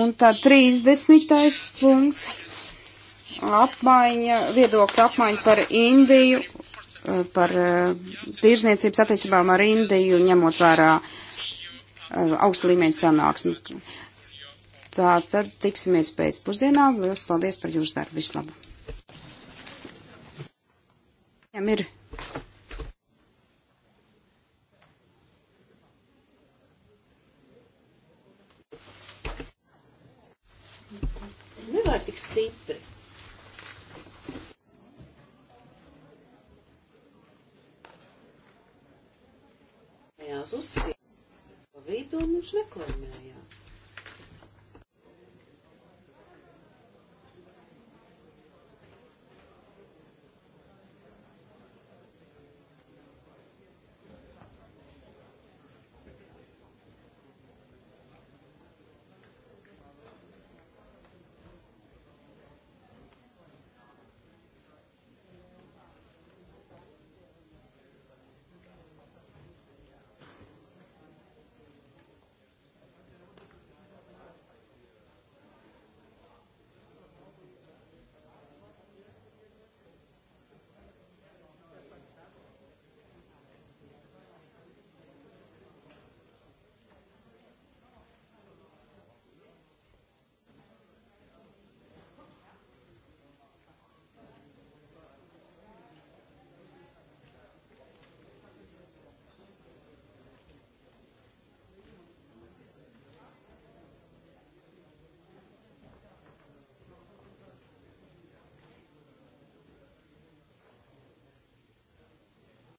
un tad 30. punkts apmaiņa, viedokļa apmaiņa par Indiju, uh, par uh, tirzniecības attiecībām ar Indiju, ņemot vērā uh, augsta līmeņa sanāksmi. Tā tad tiksimies pēc pusdienām. Lielas paldies par jūsu darbu. Vislabāk! Viņam ir ārkārtīgi stipri. Jāuz uzskatīt pa vidu un viņš neklamējās.